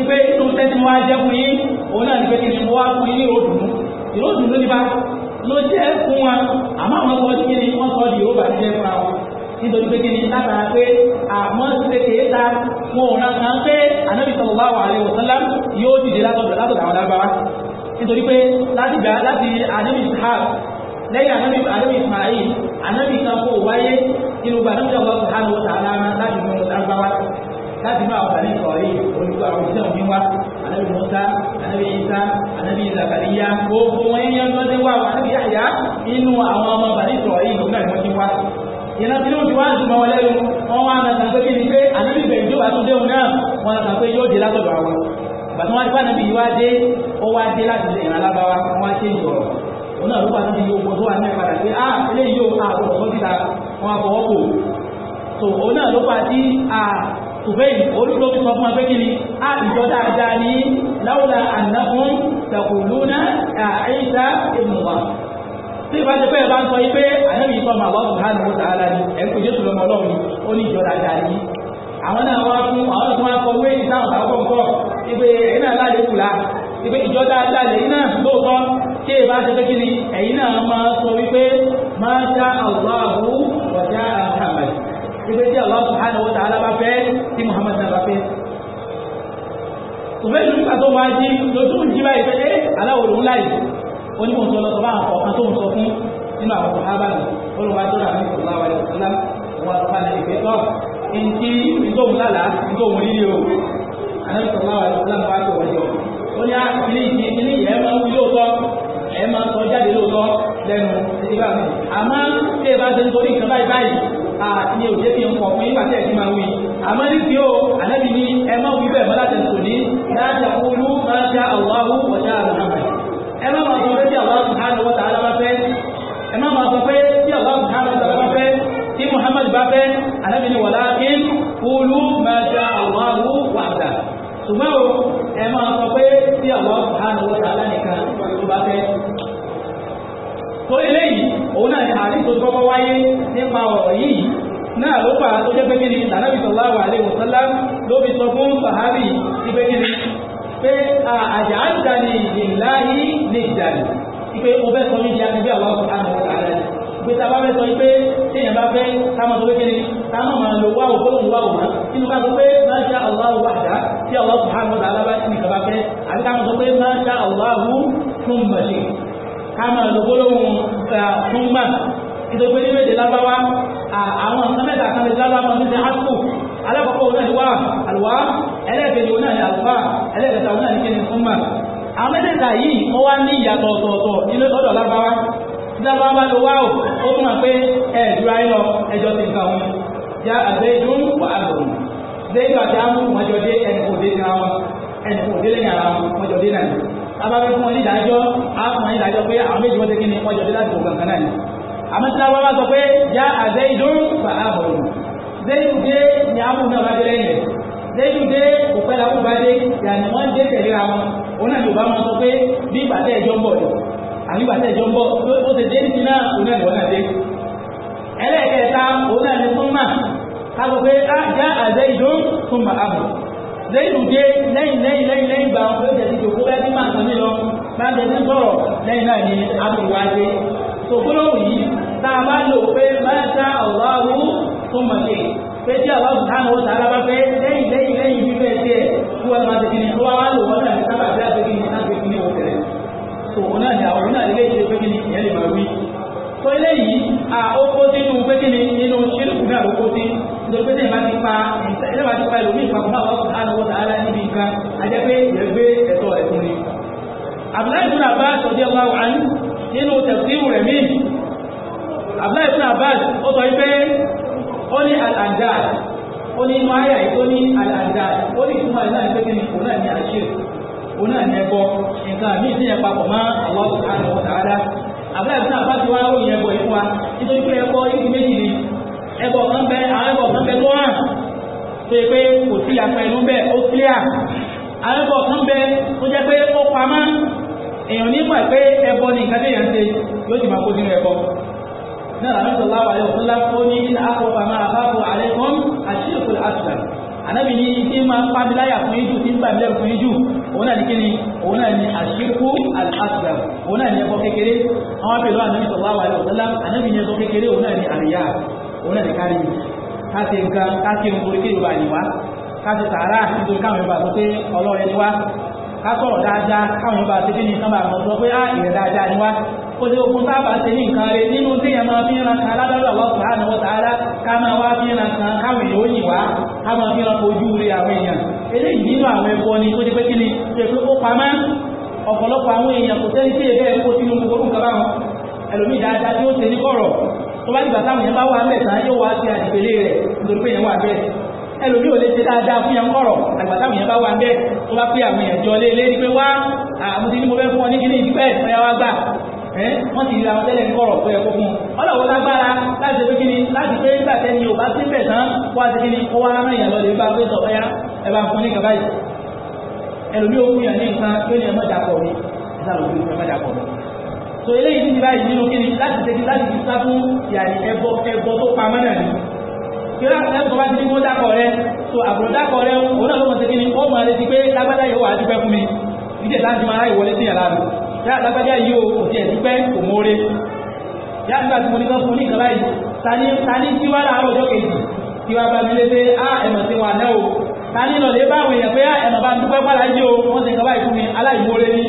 ìpè inú tẹ́tí wọn á jẹ́ fún yín òun náà ní ló jẹ́ fún wa àmọ́ àwọn sọ kí ni wọ́n sọ di yóò bá jẹ́ fún wa nítorí pé kí ni látara pé àmọ́ ṣe kéé ta wọn ò ràn kàn pé anábì sallallahu alaihi wasallam yóò dìde látọ̀dọ̀ látọ̀dọ̀ àwọn lágbára nítorí pé láti gbà láti anábì sahab lẹ́yìn anábì anábì ismail anábì kan kò wáyé inú gbà anábì sallallahu alaihi wasallam láti mú lágbára láti inú àwọn bàbá ìsọ̀rọ̀ yìí olùkọ́ àwọn ìṣẹ́ òní wá ànábì Mùsá ànábì Ìsá ànábì Zakariya gbogbo wọn yẹn yẹn lọ́dẹ wá wà ànábì Yahya inú àwọn ọmọ bàbá ìsọ̀rọ̀ yìí nígbà tí wọ́n ti wá. ìyẹn tí lóòtù wá ń sùn wọn lẹ́nu wọn wá ń sàn pé kí ni pé ànábì bẹ̀rẹ̀ tó bá tún déhùn náà wọn sàn pé yóò dé látọ̀dọ̀ àwọn. bàtà wọn adúgbò ànábì yìí wá dé ó wá dé láti ilẹ̀ ìrànlábáwá wọn ṣe ìjọ̀rọ̀ òun náà ló bá níbi yóò gbọ́dọ̀ àmì padà pé á ah, eléyìí yóò àbọ̀ ọ̀sán títa wọn àbọ̀ ọ̀pọ̀ tó òun náà ló bá tí ah, tùbẹ́yì olùkọ́ ti sọ fún abẹ́ kí ni a ìjọ dáadáa ní láwùlà ànákún tàkùlúnà àìsà ìmùwà tí ìbá ti pẹ́ ẹ̀ bá ń sọ yí pé ànábì sọ màá wọ́n hàn mú sàálà ni ẹ̀ kò jésù lọ́mọ ọlọ́run ó ní ìjọ dáadáa ní àwọn náà wá fún àwọn tó máa kọ wéyìn táwọn táwọn kọ̀ ìgbé ẹ̀yìn náà láàyè kùlà ibi tí Allah subhanahu wa ta'ala bá fẹ́ tí Muhammad náà bá fẹ́ òfin ìlú pàtó wá jí lójú ìjí báyìí pé ẹ́ aláwòrò ńlá yìí onímọ̀tò lọ́sọ̀ bá àwọn ọ̀kan tó ń sọ fún nínú àwọn ọ̀kan ábàlù ní ìfọ̀lá ah, ẹ máa sọ jáde lóòótọ́ lẹ́nu ìdíbà mi àmọ́ tí ẹ bá ṣe ń torí nǹkan báyìí báyìí àti òjé fi ń pọ̀ fún yípa tẹ́ẹ̀ tí máa wí àmọ́ ní kí o ànábì ní ẹ má wí bẹ́ẹ̀ mọ́lá tẹ̀sùn ní láti olú máa ṣá àwòrán ọ̀dá àlùmọ́ ẹ má máa sọ pé tí àwọn àlùmọ́ wọ́n tààlà bá fẹ́ ẹ má máa sọ pé tí àwọn àlùmọ́ wọ́n tààlà bá fẹ́ tí Muhammad bá fẹ́ ànábì ní wọ̀lá kí olú máa ṣá àwòrán ọ̀dá ṣùgbọ́n o ẹ máa sọ pé tí àwọn àánú wọ́ta alánìkan tó bá fẹ́ torí léyìí òun náà ni àti tó gbọ́gbọ́ wáyé nípa ọ̀rọ̀ yìí náà ló fà tó jẹ́ pé kí ni tànàbí sallallahu alaihi wasallam ló fi sọ fún sàhábì ti pé kí ni pé àjà àjàní ìlàyé nìjàní pé ó fẹ́ sọ ní ìjà ẹgbẹ́ àwọn àánú wọ́ta alánìkan pé tá a bá fẹ́ sọ pé téèyàn bá fẹ́ ká máa sọ pé kíni ká máa máa lo wáwò gbólóhùn wáwò mọ́ nínú ká sọ pé máa ṣá Allahu wahda tí Allahu subhanahu wa ta'ala bá ti nìkan bá fẹ́ àti ká máa sọ pé máa ṣá Allahu fún mọ̀lẹ́ ká máa lo gbólóhùn fún mọ̀ ìdógbé ní méje lábáwá àwọn nǹkan mẹ́ta yìí wọ́n wá ní ìyàtọ̀ ọ̀tọ̀ọ̀tọ̀ nílé ọ̀dọ̀ lábáwá dábàá bá lọ wáwò ó túnmọ̀ pé ẹ̀ẹ́dúrà yọ ẹjọ́ ti ka wọn ya àgbẹ̀ ìdún wà á lòun zẹ́yìn àti àmú wọn jọ dé ẹnì kò dé síra wọn ẹnì kò dé lẹ́yìn ara wọn wọn jọ dé náà tábàbí fún wọn ní ìdájọ́ àfún wọn ní ìdájọ́ pé àwọn méjì wọn ti kí ni wọn jọ dé láti gbọ̀ngàn kan náà ni àmọ́ tí tábàbá sọ pé ya àgbẹ̀ ìdún wà á lòun zẹ́yìn dé ni àmú náà bá dé lẹ́yìn rẹ̀ lẹ́yìn dé òpẹ́ làwọn bá dé yàní wọ́n dé tẹ̀léra wọn òun náà ni ò àbígbà tẹ̀ jọ ń bọ̀ ó ṣe dé nìkan náà òun náà wọ́n náà dé ẹlẹ́ẹ̀kẹta òun náà ní fún mà káàkó pé á já àzẹ ìdó fún mà ábò lẹ́yìn òde lẹ́yìn lẹ́yìn lẹ́yìn lẹ́yìn gbà wọn pé ó jẹ́ ti jòkó bẹ́ẹ̀ bí màá sọ mí lọ bá jẹ́ ti sọ̀rọ̀ lẹ́yìn náà ni ábò wá yìí tá a bá lò pé máa ṣá ọ̀wá wú fún màkè pé tí àwọn sùhánù ó sàrà bá pé lẹ́yìn lẹ́yìn lẹ́yìn bí tiẹ̀ kí wọ́n máa tẹ̀sí ni wọ́n wá lò wọ́n tó òun náà ni àwọn òun náà lè ṣe pé kí ni ìyẹn lè máa wí tó eléyìí à ó kó sínú pé kí ni nínú ṣírùkù náà ló kó sí nítorí pé tẹ̀yìn bá ti pa ẹ̀yìn bá ti pa ẹlòmíì papọ̀ náà wọ́n á lọ́wọ́ sàálà níbi nǹkan ajẹ́ pé ìyẹn gbé ẹ̀tọ́ rẹ̀ fún ni. Abdullahi ibn Abbas ọjọ́ wa wà ní nínú tafsiru rẹ̀ míì Abdullahi ibn Abbas ó sọ pé ó ní al-andad ó ní inú ayà yìí ó ní al-andad ó ní ìtumọ̀ ẹ̀ náà ní pé náà ní àṣírí òun náà ní ẹbọ nǹkan àmì ìsìn yẹn papọ̀ mọ́ Allah subhanahu wa ta'ala àbúrò ìsìn àbá ti wá ròyìn ẹbọ yìí wa nítorí pé ẹbọ yìí méjì ni ẹbọ kan bẹ àwọn ẹbọ kan bẹ tó hàn tó yẹ pé kò sí apẹ ìlú bẹ ó clear àwọn ẹbọ kan bẹ tó jẹ pé ó pamọ́ èèyàn nígbà pé ẹbọ ni nǹkan téèyàn ṣe yóò sì máa kó sínú ẹbọ náà làwọn sọlá wà lẹ́wọ̀n tó lá ó ní ilé àkọ́kọ́ àmọ́ àbábọ̀ àlẹ́kọ́ àṣìṣe anábì ní tí máa ń pàbíláyà fún ijú tí ń pàbílẹ̀ fún ijú òun náà ní kíni òun náà ní àṣíkú àtàkùgbà òun náà ní ẹbọ kékeré àwọn pẹ̀lú ànábì sallallahu alaihi wasallam anábì ní ẹbọ kékeré òun náà ní àríyá òun náà ní kárí káṣe nǹkan káṣe ń borí kéjọba àyíwá káṣe tààrà nítorí káwọn ìbá sọ pé ọlọ́run ó ní ogun sábà ṣe ní nǹkan rẹ nínú téèyàn máa fi ran kan aládọ́dọ̀ Allah subhanahu wa ta'ala ká máa wá fi ran kan káwọn èèyàn ó yìn wá ká máa fi ran ojú rẹ àwọn èèyàn eléyìí nínú àwọn ẹbọ ni tó ti pé kíni tó ti pé ó pamá ọ̀pọ̀lọpọ̀ àwọn èèyàn kò sẹ́ni tí èèyàn bẹ́ẹ̀ kó sínú gbogbo nǹkan báwọn ẹlòmíì dáadáa tí ó ṣe ní kọ̀rọ̀ tó bá dìgbà táwọn yẹn bá wà mẹ́ta yóò wá sí àdìpẹ̀lẹ̀ rẹ̀ nítorí pé yẹn wà bẹ́ẹ̀ ẹlòmíì ò lè ṣe dáadáa fún yẹn kọ̀rọ̀ àgbà táwọn yẹn bá wà bẹ́ẹ̀ tó bá pé àwọn èèyàn jọ lé lé ní pé wá àmúti ní mo fẹ́ fún ọ ní kíní ìdípẹ́ ìpẹ́yà wá gbà ẹ́ wọ́n ti ra ọtẹ́lẹ̀ ń kọ̀rọ̀ tó yẹ kó fún un ọlọ́wọ́ lágbára láti pé kíni láti pé nígbà tẹ́ni ò bá síbẹ̀ tán kó wá sí kíni kó wá rán èèyàn lọ lè bá pé sọ ọ́yá ẹ bá fún ní kaba yìí ẹlòmí òkú yàn ní nǹkan tó ní ẹ mọ́jà pọ̀ mi ẹ̀sà lòdì ẹ mọ́jà pọ̀ mi so eléyìí ti ní báyìí nínú kíni láti tẹ́ni láti fi sá fún yàrá ẹbọ ẹbọ tó pamọ́ náà ni kíra lẹ́kọ̀ọ́ bá ti ní kó dákọ̀ rẹ so àbúrò dákọ̀ rẹ òun náà ló mọ̀ sí kíni ó mọ̀ lágbájá yìí o kò tiẹ̀ dúpẹ́ kò mórè yá nígbà tí mo ní kán fún ní ìjọba yìí tani tani tí wá láàárọ̀ ọjọ́ kejì tí wá bá mi lé pé á ẹ̀mọ̀ tí wà náà o tani lọ lè bá àwọn èèyàn pé á ẹ̀mọ̀ bá ń dúpẹ́ pàdà yìí o wọ́n ti kaba ìfún mi aláìmórè ní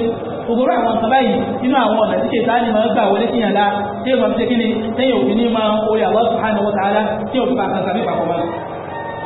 ògbóró àwọn kaba yìí nínú àwọn ọ̀nà tí kèta ni máa ń gbà wọlé sí yàn lá tí èèyàn ti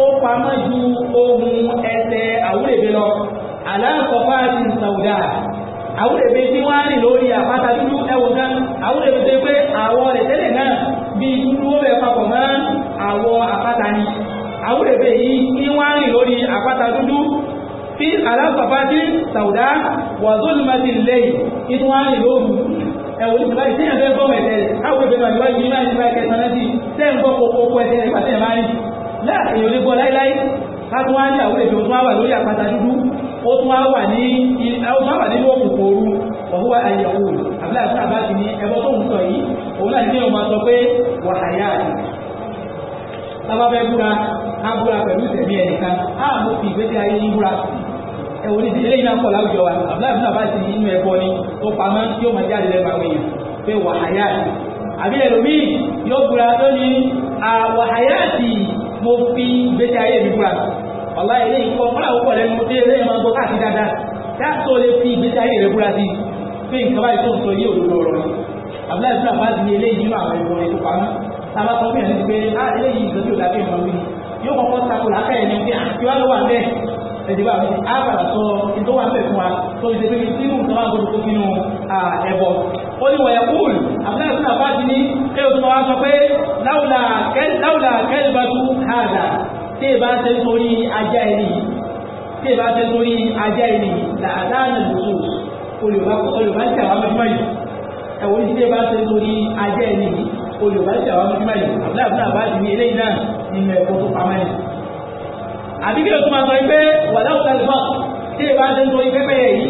ó pamọ́ ju ohun ẹsẹ̀ àwúrẹ̀bẹ̀ lọ aláǹkọ̀fà àti ìsàwùdà àwúrẹ̀bẹ̀ tí wọ́n á rìn lórí àpáta dúdú ẹwùn kan àwúrẹ̀bẹ̀ tó pé àwọ̀ rẹ̀ tẹ́lẹ̀ náà bí dúdú ó bẹ̀ papọ̀ mọ́ àwọ̀ àpáta ni àwúrẹ̀bẹ̀ yìí tí wọ́n á rìn lórí àpáta dúdú fi aláfàfájí sàúdá wà zolmati lẹ́yìn inú wá ní lóòrùn ẹ̀wọ̀n ìgbà ìsẹ́yàn fẹ́ gbọ́mọ̀ ẹ̀tẹ́ rẹ̀ káwọ́ ìgbẹ̀rẹ̀ àjúwájú ní máa ń gbà kẹsàn-án sí tẹ́ ń gbọ́ kókó ẹ̀tẹ́ rẹ̀ pàtẹ́ máa ń láàrin olè bọ́ láíláí látún wá ní àwúrẹ̀ tó wá wà lórí àpáta dúdú ó tún wá wà ní nínú òkùnkùn ooru ọ̀húwà àyẹ̀wò àbúlà àti àbáàkì ní ẹbọ tó ń sọ yìí òun láti ní ọmọ sọ pé wà àyà àti lábábẹ́ búra á búra pẹ̀lú ìtẹ̀mí ẹnìkan á mú fi ìgbésí ayé yín búra ẹ̀wọ̀n ní ìdílé iná pọ̀ láwùjọ wa àbúlà àti àbáàkì nínú ẹbọ ni tó pamọ́ tí ó máa jáde lẹ́nu àwọn èèyàn pé wà àyà àti àbí ẹlòmíì yóò búra lónìí àwàhàyà àti mo fi gbèsè ayé mi fúnra ọ̀la ilé ìkọ́ fúnra òkú ọ̀lẹ́nu tí ilé yẹn máa gbọ́ káàkiri dáadáa dáàtò lè fi gbèsè ayé rẹ̀ fúnra sí pé nǹkan báyìí tó ń sọ yé òdodo ọ̀rọ̀ ni abdullahi fúnra bá di eléyìí nínú àwọn ìwọ̀n ètò pamọ́ sábà kan fún yàrá ti pé á ah, eléyìí ìgbésí òdàkẹ́ ìmọ̀ mi yóò kọ́kọ́ takò lákàyẹ̀ ní pé àti ah, wá ló wà bẹ́ẹ̀ ẹ̀dìbà àbàrà sọ ìtò wà bẹ̀ fún wa tó ìṣe pé sínú nǹkan wà gbogbo tó sínú ẹ̀bọ̀ ó ní wọ̀nyẹ kúl àbúrò ìṣúná bá ti ní kí o tó wá sọ pé láwùlà kẹ́lìbàtú hàdà tí ì bá ṣe torí ajá ẹni tí ì bá ṣe torí ajá ẹni làdáàlà lùsù olùbáṣà wà mẹ́fà yìí ẹ̀wọ̀n tí bá ṣe torí ajá ẹni olùbáṣà wà mẹ́fà àbí kí ló tún máa sọ pé wàláwù tàlùbọ̀ tí ìbá ṣe ń sọ ipé bẹ́ẹ̀ yìí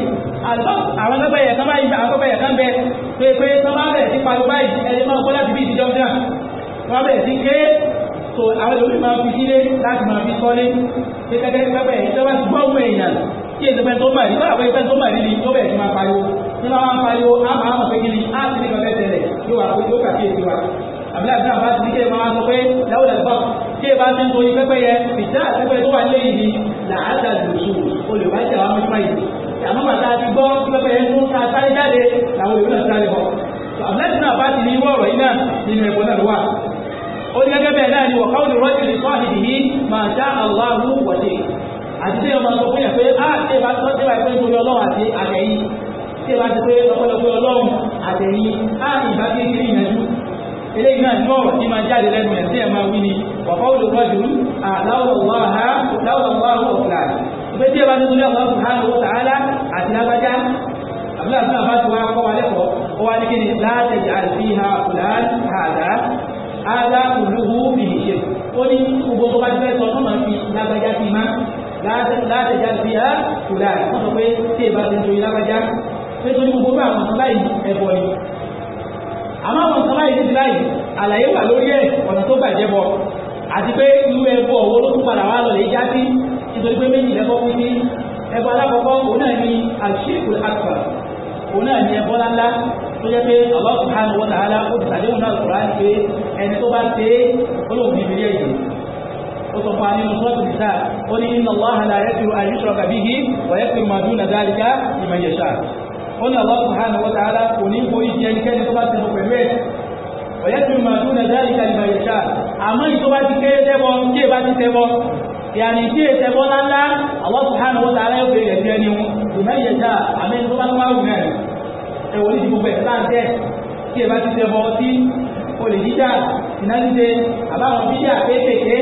àwọn akọ́bẹ̀yẹ̀ kan báyìí akọ́bẹ̀yẹ̀ kan bẹ pé pé tán bá bẹ̀rẹ̀ sí pariwo báyìí ẹni máa kọ́ láti bí ìdíjọ́ náà wọ́n bẹ̀rẹ̀ sí ké so àwọn ìlú máa fi sílé láti máa fi kọ́lé pé kẹ́kẹ́ pẹ́pẹ́ ìjọba ti gbọ́ òun èèyàn kí èso pẹ́ tó mà ní báwo pẹ́ tó mà ní ni ó bẹ̀rẹ̀ sí máa pariwo ní máa máa pariwo á máa mọ̀ pé kí ni á sì ní kọ́kẹ́ tẹ̀lẹ̀ yóò wà yóò kàkíyèsí tí ẹ bá ti ń torí pẹ́pẹ́ yẹ ìdá àtẹ́pẹ́ tó wà lé yìí làádà lòṣù olùbájà wa mú fáyì àmọ́ bàtà ti gbọ́ pẹ́pẹ́ yẹn tó ta sáré jáde làwọn òbí náà sáré bọ̀ àmọ́lẹ́sìn náà bá ti ní wọ́ ọ̀rọ̀ yìí náà nínú ẹ̀kọ́ náà wà ó ní gẹ́gẹ́ bẹ́ẹ̀ náà ni wọ̀ká òní rọ́jì lè sọ àdìdì yìí máa dá aláwọ̀ wọ̀dé àti tí ọmọ sọ fún yẹn pé á ah, tí ẹ bá tọ́ tí ẹ bá pẹ́ nítorí ọlọ́run àti àtẹ̀yìn tí ẹ bá وقول الرجل لولا الله لولا الله وفلان ìgbésí ẹ̀bá nínú ilé ọ̀sán ṣùgbọ́n àwọn ọ̀tàlá àti lágbájá àbúlá fún àbájú wa kọ́ wa lẹ́kọ̀ọ́ ó wá ní kí ni látẹ̀jẹ̀ àti ìhà fúlàn àdá àdá olúhu ìṣe ó ní gbogbo tó bá jẹ́ sọ tó máa fi lágbájá fi má látẹ̀jẹ̀ àti ìhà fúlàn wọ́n sọ pé tí ìbá ti ń torí lágbájá pé torí gbogbo àwọn ọ̀sán báyìí ẹ̀bọ̀ ni àti pé irú ẹbọ owó ló tún padà wá lọ lè já sí nítorí pé méjì lẹ́kọ́ fún sí ẹbọ alákọ̀ọ́kọ́ òun náà ni àṣírkù àkùbà òun náà ni ẹbọ ńláńlá tó jẹ́ pé Allah subhanahu wa ta'ala ó ti sàdéhùn náà kọ̀ọ̀rọ̀ àti pé ẹni tó bá ṣe é ìbílẹ̀ yìí ó sọ fún wa nínú sọ́ọ̀tù nìta ó ní inna Allaha la yaghfiru an yushraka bihi wa yaghfiru ma duna dhalika liman yasha ó ní Allah subhanahu wa ta'ala kò ní kó ìjẹ́ ọ̀yẹ́dùn màdún nàìjíríà ìkàlìmọ̀ ìṣà àmọ́ ìtọ́wá ti kéré tẹ́bọ tí èbá ti tẹ́bọ yàní tí è tẹ́bọ lálá àwọn sùhánù ó tààrà yóò bèèrè ẹ̀jẹ̀ ni wọn ìmọ̀ ìyẹ̀já àmì tó bá tó máa wù náà ẹ̀wọ̀n ní gbogbo ẹ̀ láǹtẹ̀ tí èbá ti tẹ́bọ tí olè jíjà ìnájídé àbáwọn bíjà kéékèèké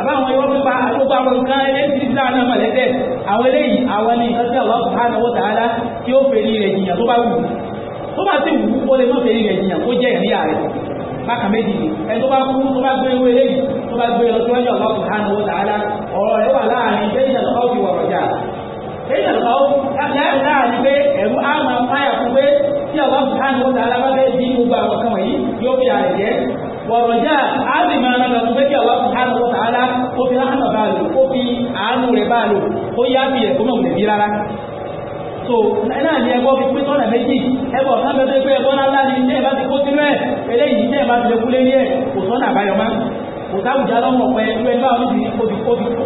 àbáwọn ìwọ́n pípa àtúgbà àwọn nǹkan ẹlẹ́sìn ìdílá náà mọ̀lẹ́tẹ̀ àwọn eléyìí àwọn ní ìtọ́jú àwọn sùhánù ó tààrà tí ó fèrè rẹ̀ jìyàn tó bá wù tó bá sì wù ó lè má fèrè rẹ̀ jìyàn kó jẹ́ ìrìn ààrẹ bákan méjì ni ẹni tó bá kú tó bá gbé ewé eléyìí tó bá gbé ọjọ́ ìyá ọ̀gá ọ̀gá àwọn ọ̀dàlá ọ̀rọ̀ rẹ̀ wà láàrin bẹ́yìn àlọ́ fi wọ̀rọ̀ jà bẹ́yìn àlọ́ láàrin pé ẹ̀rú á máa fáyà fún pé tí ọ̀gá ọ̀gá àwọn ọ̀dàlá bá fẹ́ di gbogbo àwọn kan wọ̀nyí yóò fi àrẹ̀ jẹ́ wọ̀rọ̀ jà á sì máa rán lọ pé kí ọ̀gá ọ̀gá àwọn ọ̀dàlá ó fi láhàmà bá lò ó fi àánú rẹ̀ bá lò ó yá fi ẹ̀kọ́ mọ̀ so náà ní ẹgbọ́ fi pín sọ́nà méjì ẹgbọ́ kan bẹ́ẹ̀ pé ẹgbọ́ ńlá ní ilé ẹ̀bá ti kó sínú ẹ̀ eléyìí tẹ́ ẹ̀bá ti lè kúlé ní ẹ̀ kò sọ́nà àbáyọ má kò sáwùjá lọ́mọ pẹ́ irú ẹgbẹ́ àwọn méjì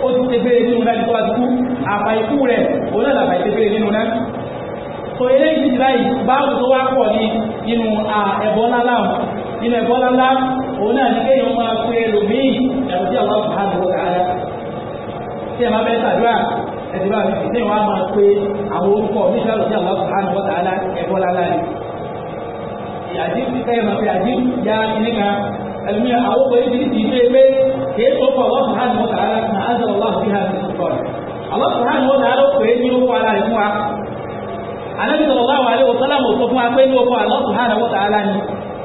ó ti tẹ́gbẹ́rẹ́ nínú náà nípa ti kú àbá ikú rẹ̀ òun náà làbá ìtẹ́gbẹ́rẹ́ nínú náà so eléyìí ti báyìí báwo tó wá pọ̀ ní nínú ẹ̀bọ́ ńlá nínú ẹ̀bọ́ ńlá òun náà ní kéèyàn máa pé ẹlòmíì ẹ̀rù tí àwọn àbùhàn lọ́wọ́ kára tí ẹ̀ máa bẹ́ẹ̀ sàdúrà ẹ̀sìn bá fi ṣe wàá máa pé àwọn orúkọ oníṣẹ́ àlọ́ sí àwọn subhanahu wa ta'ala ẹ̀kọ́ lálá ni àdìm ẹ̀ máa fi àdìm ya kíní kan ẹ̀mí àwọn ọkọ̀ yìí ti ṣe pé kìí tó kọ̀ àwọn subhanahu wa ta'ala mà á sọ̀rọ̀ wá sí àti sọ̀rọ̀ àwọn subhanahu wa ta'ala ó pè é ní orúkọ ara rẹ̀ wa Ànábì sallallahu alaihi wasallam mọ̀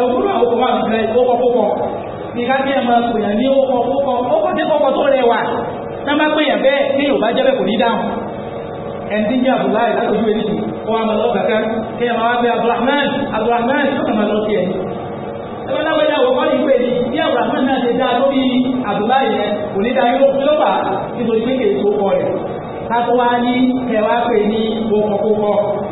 ẹ̀wùrú àwọn ọkọ̀ máa gbẹ ìkókọ̀kókọ̀ ní ká bí ẹ máa pè yàn ní ókọ̀kókọ̀ ókọ̀ tí kọ̀kọ̀ tó rẹwà náà má pè yàn bẹ́ẹ̀ ní Yorùbá jẹ́ bẹ́ẹ̀ kò ní dáhùn ẹni tí ń jẹ́ Abdullahi látọ̀jú ẹni tì kó wa máa lọ kàkà kí ẹ máa wá bẹ Abdulrahman Abdulrahman tó kà máa lọ sí ẹni ẹ máa lágbẹ́jà wọ kọ́ ìwé ni bí Abdulrahman náà ṣe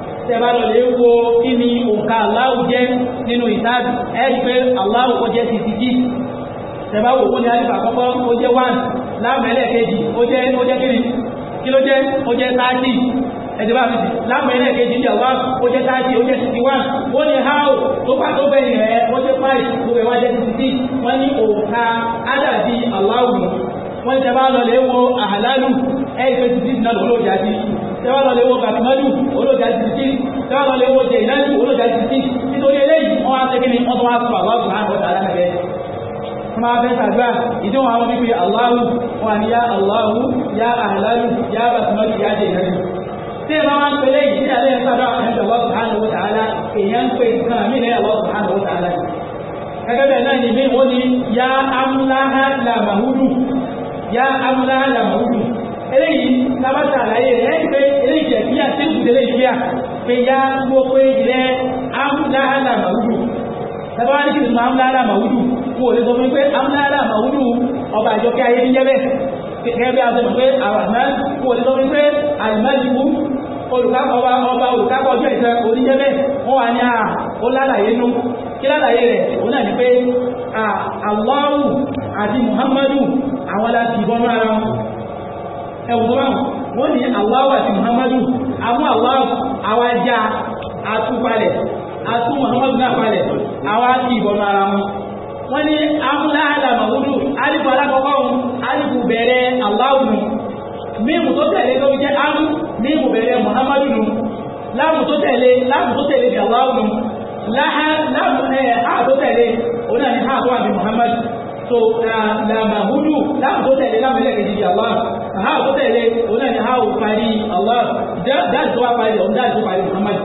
tẹ́bá lọ lè wo kí ni òǹkà aláwù jẹ́ nínú ìsáàbì ẹ̀rí pé aláwù ó jẹ́ títí jí tẹ́bá wò ó ní àdìbà kọ́kọ́ ó jẹ́ wán láàmẹ́lẹ̀ kejì ó jẹ́ ó jẹ́ kiri kí ló jẹ́ ó jẹ́ táàjì ẹ̀dẹ̀bá fi láàmẹ́lẹ̀ kejì ní àwọn ó jẹ́ táàjì ó jẹ́ títí wán ó ní háò tó bá tó bẹ̀yìn rẹ̀ ó jẹ́ fáì tó bẹ̀ wá jẹ́ tẹ́wà lọ lè wo bàtìmọ́lù olóòjà títí tẹ́wà lọ lè wo jẹ ìlànà olóòjà títí nítorí eléyìí wọ́n á tẹ́kí ni wọ́n tó wá sọ àwọn ọgbọ̀n àwọn ọ̀tà aláàbẹ̀ wọ́n máa fẹ́ gẹ́gẹ́ bẹ́ẹ̀ ni bí wọ́n ni yá amúláhà làmàhúdù yá amúláhà làmàhúdù eléyìí lábá ṣàlàyé rẹ̀ lẹ́yìn pé eléyìí jẹ̀ bíyà tí kù délé bíyà pé yá gbó pé ilẹ̀ amúláhàlà màwúdù sábà wá ní kìnnìún amúláhàlà màwúdù kú ò lè sọ fún pé amúláhàlà màwúdù ọba àjọkẹ́ ayé ń jẹ́ bẹ́ẹ̀ gẹ́gẹ́ bí a sọ pé àwàmán kú ò lè sọ fún pé àlùmáàlìwú olùkápọ̀ ọba olùkápọ̀ ọjọ́ ìtàn oníjẹ́ bẹ́ẹ̀ wọ́n wà ní à ó lálàyé nú kí lálàyé rẹ̀ òun náà ní pé Allahu àti Muhammadu àwọn láti ìbọnú ẹ̀wùdọ́rọ̀ wọ́n atụ Allahu àti Muhammadu àmú Allahu àwa já àtúpalẹ̀ àtú Muhammadu náà palẹ̀ àwa ti ìbọnú ara wọn wọ́n ní amúláàlà màmúdù alákọ̀ọ́kọ́ òun alifu bẹ̀rẹ̀ Allahu nù Muhammadu so làmàhúdù láàmù tó tẹ̀lé láàmù ẹlẹ́kẹ̀ẹ́jì di Allah àhá tó tẹ̀lé òun náà ni ha parí Allah dáàdì tó wá parí ọ̀hún dáàdì tó parí Muhammad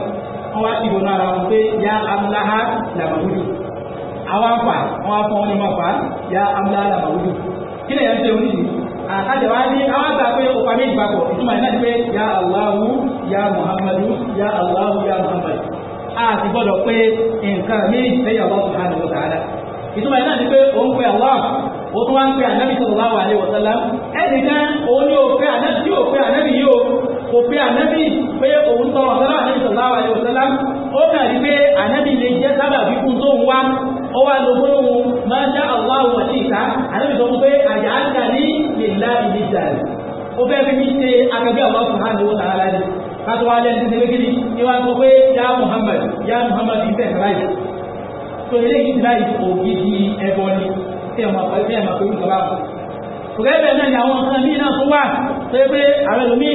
wọ́n wá ti bọ̀nà ara wọn pé ya amúláhá làmàhúdù àwọn afa àwọn afa wọn ni wọn fa ya amúláhá làmàhúdù kí ni ẹ̀yàn ṣe òun nìyí àtàjẹ̀ wá ní àwọn àgbà pé ó parí ìgbàpọ̀ ìtumọ̀ ẹ̀ ti pé ya Allahu ya Muhammadu ya Allahu ya Muhammadu a ti gbọ́dọ̀ pé nǹkan mí lẹ́yìn Allah subhanahu wa ìtumọ̀ iná ni pé ó ń pe Allah ó tún wá ń pe ànábì sallallahu alaihi wasallam ẹnìkan òun ni òfẹ́ ànábì tí òfẹ́ ànábì yìí o kò pe ànábì pé òun tọrọ sọ́lá ànábì sallallahu alaihi wasallam ó kà rí pé ànábì lè jẹ́ sábà fífún tó ń wá ó wá lo gbólóhùn máa ń dá Allah wọ̀ sí ìta ànábì sọ fún pé àjà á kà ní ìlà ìdíjà rẹ̀ ó fẹ́ fi mí ṣe akẹgbẹ́ Allah subhanahu wa ta'ala ni ká tó wá lẹ́nu ti ṣe pé Muhammad yá Muhammad ibẹ̀ ráyè tó eléyìí ti báyìí òbí di ẹbọ ni tí ẹ̀ máa pẹ̀lú ẹ̀ máa pẹ̀lú ìjọba àwọn. òkèèrè bẹ́ẹ̀ náà ni àwọn nǹkan míì náà tó wà pé pé àwọn ẹlòmíì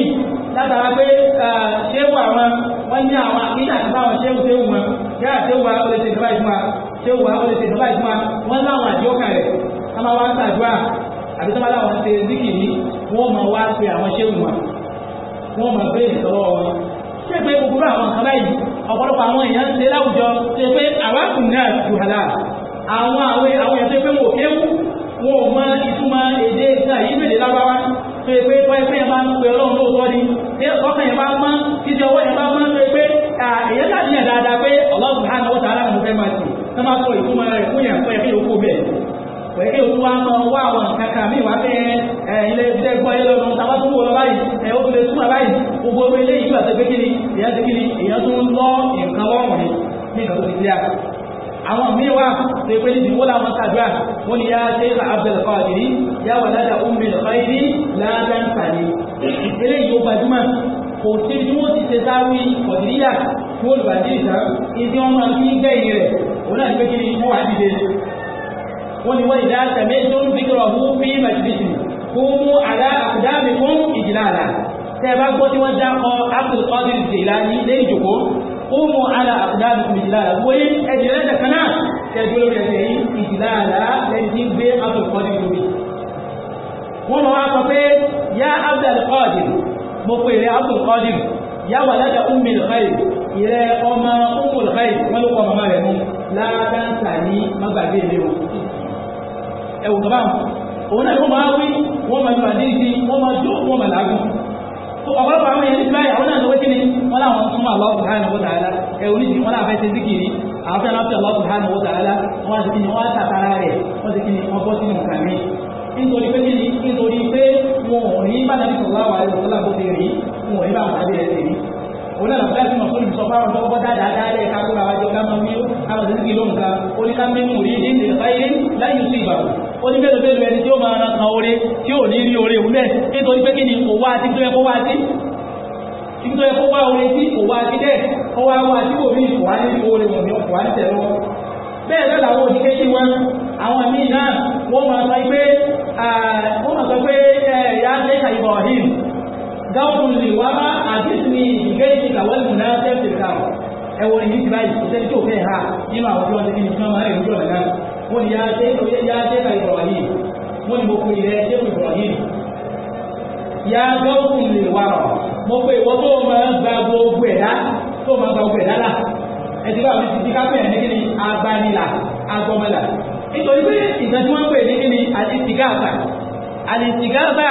látara pé ṣéwù àwọn wọ́n ní àwọn akéjà àti báwọn ṣéwù ṣéwù wọn yára ṣéwù wa ó lè ṣe ìjọba ìfún wa ṣéwù wa ó lè ṣe wọ́n láwọn àdìọ́kà rẹ̀ ká máa wá gbàdúrà àbí tó bá láwọn ṣe zikiri wọ́n máa wá pe àwọn ṣéwù wọn wọ́n máa gbé ìtọ́wọ́ wọn ṣé pé gbogbo àwọn kan báyìí ọ̀pọ̀lọpọ̀ àwọn èèyàn ṣe láwùjọ ṣe pé àwákùn náà jùhàlá àwọn àwọn àwọn èèyàn ṣe pé wò kéwù wọn ò mọ ìtumọ̀ èdè ìta yìí mèlè lábáwá ṣe pé pẹ́ẹ́pẹ́ yẹn máa ń pe ọlọ́run lóòótọ́ ni ọkàn yẹn bá mọ́ títí ọwọ́ yẹn bá mọ́ pé pé èèyàn láti yàn dáadáa pé ọlọ́run hàn náà wọ́n ta aláàmú fẹ́ máa tì pẹ̀lú òun wá máa wá àwọn nǹkan mí wá pé ilé iṣẹ́ ilé lọ́nà tàbá lọ báyìí ẹ ó lè túmọ̀ báyìí gbogbo owó ilé ìjọba ṣe pé kí ti kí ni tó ń lọ nǹkan lọ́rùn ní nǹkan tó ti díà àwọn míì wà tó pé níbi wọ́n làwọn ṣàdúrà wọ́n ni yá ṣe ìlà Abdul Qadir yá wà ládà omi lọ́kọ́ìdí ládàn tàlẹ́ eléyìí ó gbajúmọ̀ kò sí bí wọ́n ti ṣe sáré ọ̀dìríyà fún olùbàdí ìtàn ìdí wọn máa fi gbẹ̀yìn rẹ̀ òun náà ní pé kí ni wọ́n á dìde wọ́n ni wọ́n ìdá tẹ̀mẹ́ tó ń fi kọ̀rọ̀ fún bí mẹ̀tìrìsì kó mú àdá àkùdámi fún ìjìlá àdá tẹ́ bá gbọ́ tí wọ́n dákọ Abdul Qadir Jilani lé ìjòkó kó mú àdá àkùdámi fún ìjìlá àdá wọ́n yí ẹ̀jẹ̀ lẹ́jẹ̀ kan náà tẹ́ dúró lẹ́sẹ̀ yìí ìjìlá àdá lẹ́ni tí ń gbé Abdul Qadir lórí wọ́n mọ̀ wá sọ pé Abdul Qadir mo pè rẹ̀ Abdul Qadir yá wà lẹ́jà Ummul Khair ìrẹ́ ọmọ Ummul Khair wọ́n ló kọ́ màmá rẹ̀ mú látàntà ní mọ́gbàgbé mi ẹ̀wù kaba òun náà wọ́n máa wí wọ́n máa lọ àdé ìdí wọ́n máa jó wọ́n máa làágùn tó ọ̀pọ̀lọpọ̀ àwọn èèyàn nígbà yà wọ́n náà lọ́wọ́ kíni wọ́n láwọn tún máa lọ́wọ́ sùhánà wọ́n tààlà ẹ̀wù níbi wọ́n láfẹ́ ṣe zikiri àwọn fẹ́ láti ọlọ́wọ́ sùhánà wọ́n tààlà wọ́n ti kíni wọ́n tàtàrà rẹ̀ wọ́n ti kíni wọ́n bọ́ sínú nǹkan mi nítorí pé kíni nítorí pé wọn ò ní bá nàbí sọ̀rọ̀ àwọn àrẹ òun náà làbúlá sí mọ̀sọ́lù sọ fáwọn tó bọ́ dáadáa dáadáa ká kóra wájú ká máa mú àwọn tó ti lóhùn kan ó ní ká mímú rí ní ìlẹ̀ báyé láyé sí ìbàwò ó ní bẹ́ẹ̀ bẹ́ẹ̀ ẹni tí ó máa ran kan oore tí ò ní rí oore wúlẹ̀ nítorí pé kí ni kò wá sí tó yẹ kó wá sí ibi tó yẹ kó wá oore sí kò wá sí dẹ́ kó wá wá sí kò ní kò wá ní oore wọn ni kò wá ní tẹ̀lé wọn bẹ́ẹ̀ bẹ́ẹ̀ làwọn òṣìṣẹ́ sí wọn àwọn míì náà wọ́n máa sọ pé ẹ̀yà lẹ́ka ìbọ̀ ọ̀hìn dáwọ́dún lè wá bá àdéhùn ní ìgbéyìí ìgbàwọ́ ìmúná tẹ́sí ìkàwọ̀ ẹ̀wọ̀ ní ti báyìí kò sẹ́ni tó fẹ́ ha nínú àwọn tí wọ́n ti fi nǹkan máa rẹ̀ níjọ́ ìlànà wọ́n ni yáa dé oyé yáa dé ka Ibrahim wọ́n ni mo pe ilẹ̀ dé ko Ibrahim yáa dáwọ́dún lè wá rọ̀ mo pe ìwọ tó máa gba gbogbo ẹ̀dá tó máa gba gbogbo ẹ̀dá là ẹ̀dí bá mi ti di kápẹ́ ẹ̀ nígbìn agbanilà agbọmọlà nítorí pé ìtàn tí wọ́n pè nígbìn alìsìgáàbà alìsìgáàbà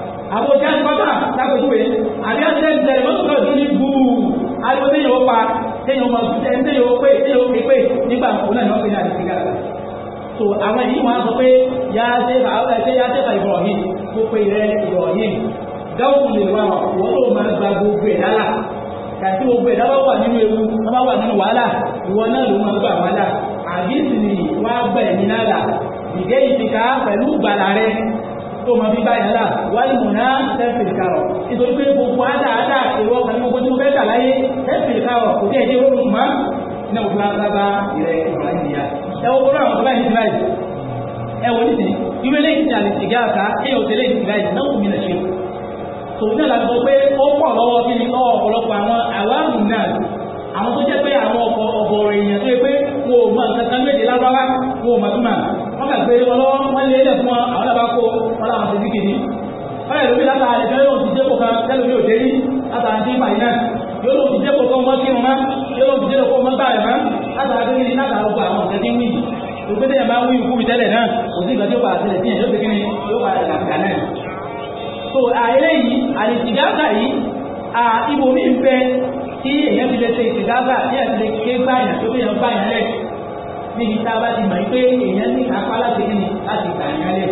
àbò tí a ti pátá lápẹ̀júwe àbí àti ẹ̀ǹtẹ̀rẹ̀ mọ́tò náà dún ní gbùù ariwo téèyàn ó pa téèyàn mọ̀ ẹni téèyàn ó pé téèyàn ó ké pé nígbà òun náà ni wọ́n pè ní àdìsí gà so àwọn èyí wọn á sọ pé yá ṣe àwọn ẹ̀ṣẹ́ yá ṣe fà Ibrahim kó pe rẹ Ibrahim dáwọ́ lè wà wọ́n ló máa gba gbogbo ẹ̀ lálà kàtí gbogbo ẹ̀ dábàá wà nínú ewu dábàá wà nínú wàhálà ìwọ náà ló máa gbà wàhálà àbí sì ni wàá gbà ẹ̀mí náà là ìgé pẹ̀lú gbàlà rẹ tó mọ bíbá yẹn là wáyé múná tẹ́sí ìkarọ̀ nítorí pé gbogbo àdáadá èrò ọkàn ní gbogbo tí mo fẹ́ dà láyé tẹ́sí ìkarọ̀ kò díẹ̀ dé oorun mọ́ ní òfin agbábá ìrẹ ìwà ìyá ẹ wo kọ́ra àwọn ọ̀gá ìdílé báyìí ẹ wo ní sìn ìwé lẹ́yìn tí a lè ṣègé àká ẹ ò tẹ̀lé ìdílé báyìí náà kò mí lẹ́sẹ̀ tòun náà láti sọ pé ó pọ̀ lọ́wọ́ kí ni lọ́wọ́ ọ̀pọ̀lọpọ̀ àwọn àwáàmù náà àwọn tó jẹ́ pé àwọn ọkọ̀ ọ̀bọ̀ọ̀rọ̀ èèyàn tó yẹ pé wọn ò mọ nǹkan kan méje lábáwá wọ́n gbà pé ọlọ́wọ́ wọ́n lé ilẹ̀ fún wọn àwọn làbá kó wọn làwọn ti dìkì ní wọ́n yẹ lóbi látara ẹ̀fẹ́ yóò ti dé kó kan tẹ́lẹ̀ mi ò dé ní látara ti fàyè náà yóò lóbi dé kó kan mọ́ kí wọn má yóò lóbi dé kó mọ́ gbà rẹ̀ má látara tó kiri látara gbogbo àwọn ọ̀sẹ̀ tí ń wí gbogbo tẹ̀yẹ̀ bá ń wí ikú mi tẹ́lẹ̀ náà kò sí ìgbà tí ó bá tẹ̀lẹ̀ sí ẹ̀yọ́ náà. so àìlẹ́ níbi tá a bá ti mọ̀ pé èèyàn ní apá láti kíni láti gbàyàn lẹ̀.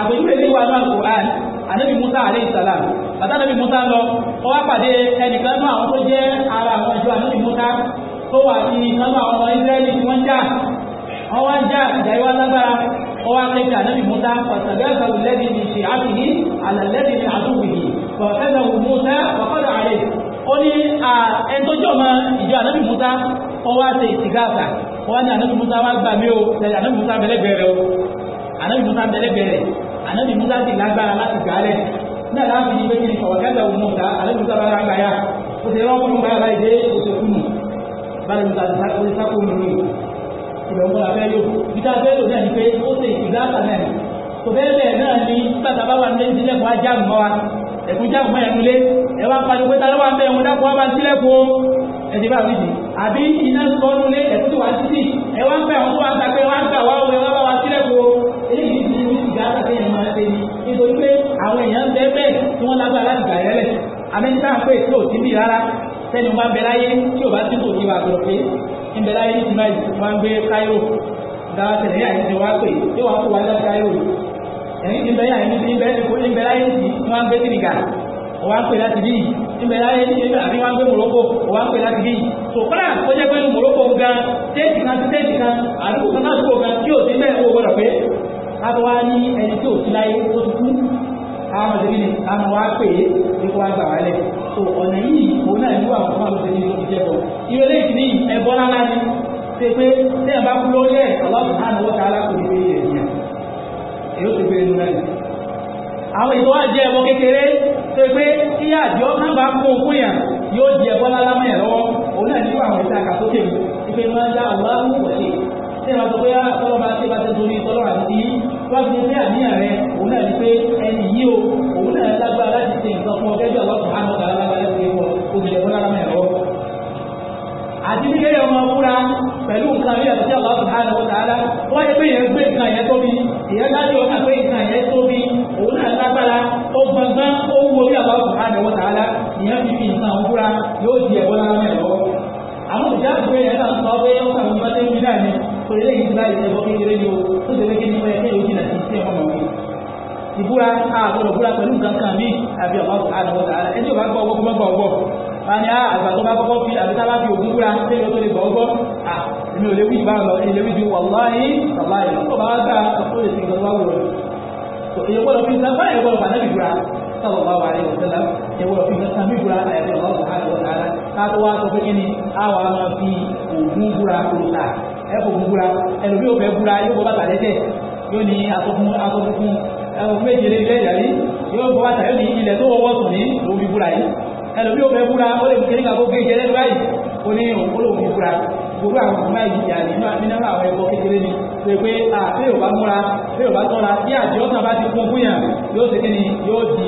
àpèjúwe ní wàhálà Qur'an ànábì Musa alayhi salam bàtà ànábì Musa lọ ó wá pàdé ẹnìkan náà àwọn tó jẹ́ ara àwọn ìjọ ànábì Musa tó wà ní kan náà àwọn ọmọ Israẹli tí wọ́n já wọ́n wá já ìjà ìwà lágbára wọ́n wá kéde ànábì Musa pàtàkì àgbàlù lẹ́bi ní ṣe àbìyí àlàlẹ́bi ní àdúgbò yìí ó ní ẹni tó jọmọ ìjọ ànábì Musa ó wá ṣe ìtìgáàfà ó wá ní ànábì Musa wá gbà mí o tẹ̀lé ànábì Musa bẹ̀lẹ́bẹ̀rẹ̀ o ànábì Musa bẹ̀lẹ́bẹ̀rẹ̀ ànábì Musa sì lágbára láti gbàálẹ̀ náà láàbí ní méjì ọ̀kẹ́lẹ̀ òun mọ̀ta ànábì Musa bá lágbà yá ó ti rán fún báyà báyìí ni pé ó ṣe ìtìgáàfà náà tòbẹ́ẹ̀ bẹ́ẹ̀ náà ni bàtà bá wà ẹ̀kún já ọmọ ẹ̀nu lé ẹ wá pariwo pé tálọ́wà ń bẹ̀ wọn dákun wá bá sílẹ̀kùn ẹ̀sìn bá rí di àbí iná sọ́nù lé ẹ̀kún tó wá títì ẹ wá ń bẹ̀ àwọn tó wá ń tapẹ́ wá ń gbà wá òwe wá bá wá sílẹ̀kùn eléyìí ti ní ìgbà àtàkẹ́ yẹn máa ṣe ni nítorí pé àwọn èèyàn bẹ́ẹ̀ bẹ́ẹ̀ tí wọ́n lágbára láti gbà yẹlẹ̀ amẹ́ńtà pé tí ò sí bì rárá sẹ́ni wọn bá ń bẹ láyé tí ò bá sí tòkí wa gbọ̀dọ̀ pé ń bẹ láyé ní ti máa ń gbé káírò dáwà tẹ̀lé àyè ti wá pè yóò wá kó wá dá káírò ẹ̀yìn ti bẹ́yà ẹ̀yìn ti bẹ́ẹ̀ kó ní bẹ́ẹ̀ láyé ní wọ́n á gbé tìrìgà wọ́n á pè láti bí ní bẹ́ẹ̀ láyé ní àbí wọ́n á gbé Morocco wọ́n á pè láti bí so kọ́lá ó jẹ́ pé Morocco gan téèkì kan sí téèkì kan àdúgbò kan náà dúró gan tí ò sí bẹ́ẹ̀ owó gbọ́dọ̀ pé àbọ̀ wá ní ẹni tí ò sí láyé ó ti kú àwọn ọmọdé ní àwọn wá pè é ní kó wá gbà wá lẹ̀ so ọ̀nà yìí òun náà ní àwọn ọmọ ọmọdé ní ìjẹ́ bọ̀ ìrẹ́lẹ̀ ìdílé ẹ̀bọ́n lálá ni ṣe pé tẹ́yìn bá kú yóò tó gbé inú náà àwọn ìtọ́wà jẹ́ ẹbọ kékeré tó pé tí àjọ náà bá kún òkú yàn yóò jẹ ẹbọ lálámọ̀ ẹ̀ lọ́wọ́ òun náà nípa àwọn ìta àkàsókè ìpè máa ń dá ọ̀láwù wọ̀lé tí ìwà tó pé àtọ́lọ́ ah, bá ti bá ti torí ìtọ́lọ́ àti yìí wá ti ní àníyàn rẹ òun náà ní pé ẹni yìí o òun náà lágbára láti ṣe nǹkan fún ọgẹ́jọ́ ọlọ́pàá àti ní kéèyàn máa búra pẹ̀lú nǹkan bí àti Allah subhanahu wa ta'ala wọ́n yẹ pé èèyàn gbé nǹkan yẹn tóbi èèyàn dájú ọ̀gá pé nǹkan yẹn tóbi òun náà lágbára ó gbọ̀ngàn ó wúwo bí Allah subhanahu wa ta'ala ìyẹn fi fi nǹkan òun búra yóò di ẹ̀bọ́ lára mẹ́rin lọ́wọ́ àwọn òjá àgbẹ̀ yẹn náà sọ pé ó kàwọn bá dé nílẹ̀ ni kò lè léyìn ìgbà ìṣẹ̀bọ kékeré ni o tó ṣe léke nípa ẹgbẹ́ yóò jìnà sí sí ọmọ mi ìbúra àgbọ̀dọ̀ búra pẹ̀lú nǹkan kan mí àbí Allah subhanahu wa ta'ala ẹjọ́ bá gbọ́ ọgbọ́ wọ́n ní ah, àgbà tó bá kọ́kọ́ fi àbí tábà fi ògùn búra tí yóò tó lè bọ̀ ọgbọ́ ah, èmi ò lè wí ìbára lọ ilé wíjú wàláyé wàláyé tó bá gbà tó lè sin ìgbàlúwà wò rẹ̀ èyí gbọ́dọ̀ fi sábà èyí gbọ́dọ̀ fànẹ́bì búra sábà wà ní òṣèlá èyí gbọ́dọ̀ fi sábà búra àyàfi ọ̀gá ọ̀gá ọ̀gá ara káàtó wá sọ pé kí ni àwọn máa fi ògùn búra kúròtà ẹ kò gùn búra ẹlòmí ò fẹ́ búra yóò bọ́ bàtà lẹ́tẹ̀ yóò ní asọ́fún asọ́fún ẹ̀rọ méje lé ilé ìyàrí yóò bọ́ bàtà yóò ní ilẹ̀ tó wọ́wọ́ sùn ní òbí búra yìí ẹlòmí ò fẹ́ búra ó lè kéde kàkó gé jẹ lẹ́nu báyìí ó ní olóògùn búra gbogbo àwọn ọmọ báyìí ìyá nínú àmínárà àwọn ẹ̀kọ́ kékeré ni pé pé àti yorùbá múra tí yorùbá tọ́ra bí àti ọ̀sán bá ti kún fúnyàn yóò ṣe kíni yóò di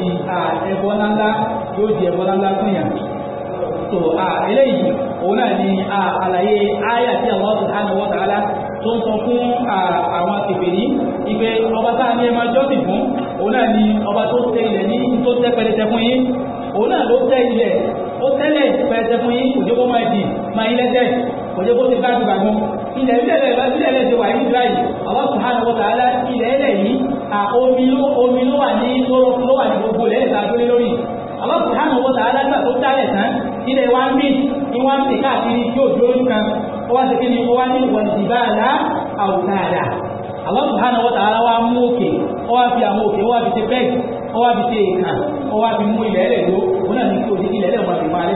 ẹ̀kọ́ ńláńlá yóò di ẹ̀kọ́ ńláńlá fúnyàn so eléyìí òun náà ni àlàyé ayé àti àwọn ọ̀sán àná wọ́n tààlà tó ń sọ fún àwọn kèfèrí ìpè ọba a ní ẹ máa jọ́sìn fún òun náà ni ọba tó tẹ ilẹ̀ ní tó tẹ́ pẹlẹtẹ fún yín òun náà ló tẹ́ ilẹ̀ ó tẹ́lẹ̀ pẹ̀ẹ́sẹ̀ fún yín kò jẹ́ kó máa dì máa yín lẹ́sẹ̀ kò jẹ́ kó ti bá ti bàgbọ́n ilẹ̀ ilẹ̀ lọ sí ilẹ̀ ti wà ní Israel Allah subhanahu wa ta'ala ilẹ̀ ilẹ̀ yìí omi ló wà ní ló wà ní gbogbo ilẹ̀ ìta tó lé lórí Allah subhanahu wa ta'ala nígbà tó dálẹ̀ tán ilẹ̀ wa ń bì ní wọ́n ń pè káàkiri tí ó dúró nìkan ó wá sí kí ni ó ní ìwọ̀n ìdìbà àlá àwùtà àlá Allah subhanahu wa ta'ala wa mú òkè ó wá fi àwọn òkè ó wá fi ti bẹ́ẹ̀ ó wá fi ṣe èèkàn ó wá mú ilẹ̀ ẹ̀rẹ̀ ló òun náà ní kí òdí ilẹ̀ ẹ̀rẹ̀ wọn fi máa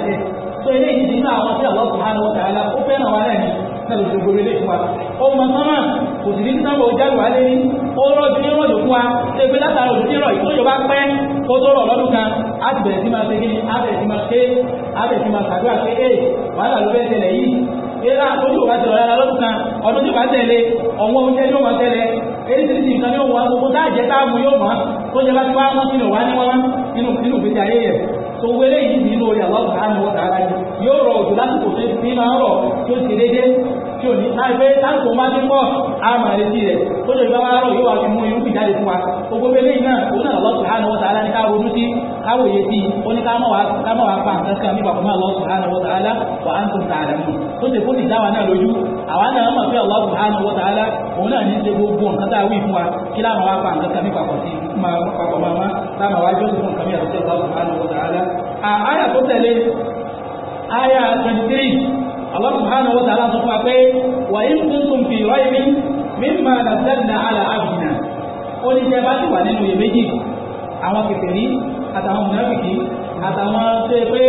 tó ilé ìdí nínú àwọn tí àwọn ọkùnrin àwọn ó fẹ́ràn wa náà lóṣù gbogbo ilé ìfúnwa ó mọ sánmà kò sì ní ó ní fún wa ṣe pé látara ìtòjò bá pẹ́ kó tó lọ́dún kan á ti bẹ̀rẹ̀ sí máa ṣe kí eréṣiríṣi nǹkan yóò wọ́n gbogbo tá àjẹ́ táàmù yóò mọ́ tó jẹ́ bá ti wá mọ́ sínú wá ní wọ́n nínú nínú ìgbésí ayé rẹ̀ tó wẹ́lẹ́ yìí nínú orí àwọn ọ̀gá àwọn ọ̀gá ara yóò rọ òjò lásìkò tó ti máa ń rọ̀ tó ti déédéé tí ò ní àìpé táǹkò bá ti pọ̀ a máa retí rẹ̀ tó lè bá wá rọ̀ yóò wá fi mú irúgbìn jáde fún wa gbogbo bẹ́lẹ̀ náà òun náà Allah subhanahu wa ta'ala ní ká ronú sí káwòye sí ó ní ká má wàá pa nǹkan kan nípa Allah subhanahu wa ta'ala wa antum ta'lamun tó ṣe kó ti dá wa náà Allah ta'ala òun náà ní ṣe gbogbo nǹkan tá a wí fún wa kí láwọn wá pa nǹkan kan nípa pọ̀ sí papọ̀ máa táwọn wájú fún Allah ta'ala. àyà tó tẹ̀lé àyà 23 Allah subhanahu wa ta'ala sọ fún wa pé wa in kuntum fi raybin mimma nazzalna ala abdina ó ní jẹ́ bá ti wà nínú iyèméjì àwọn kèfèrí àtàwọn mùnàfìkì àtàwọn tó yẹ pé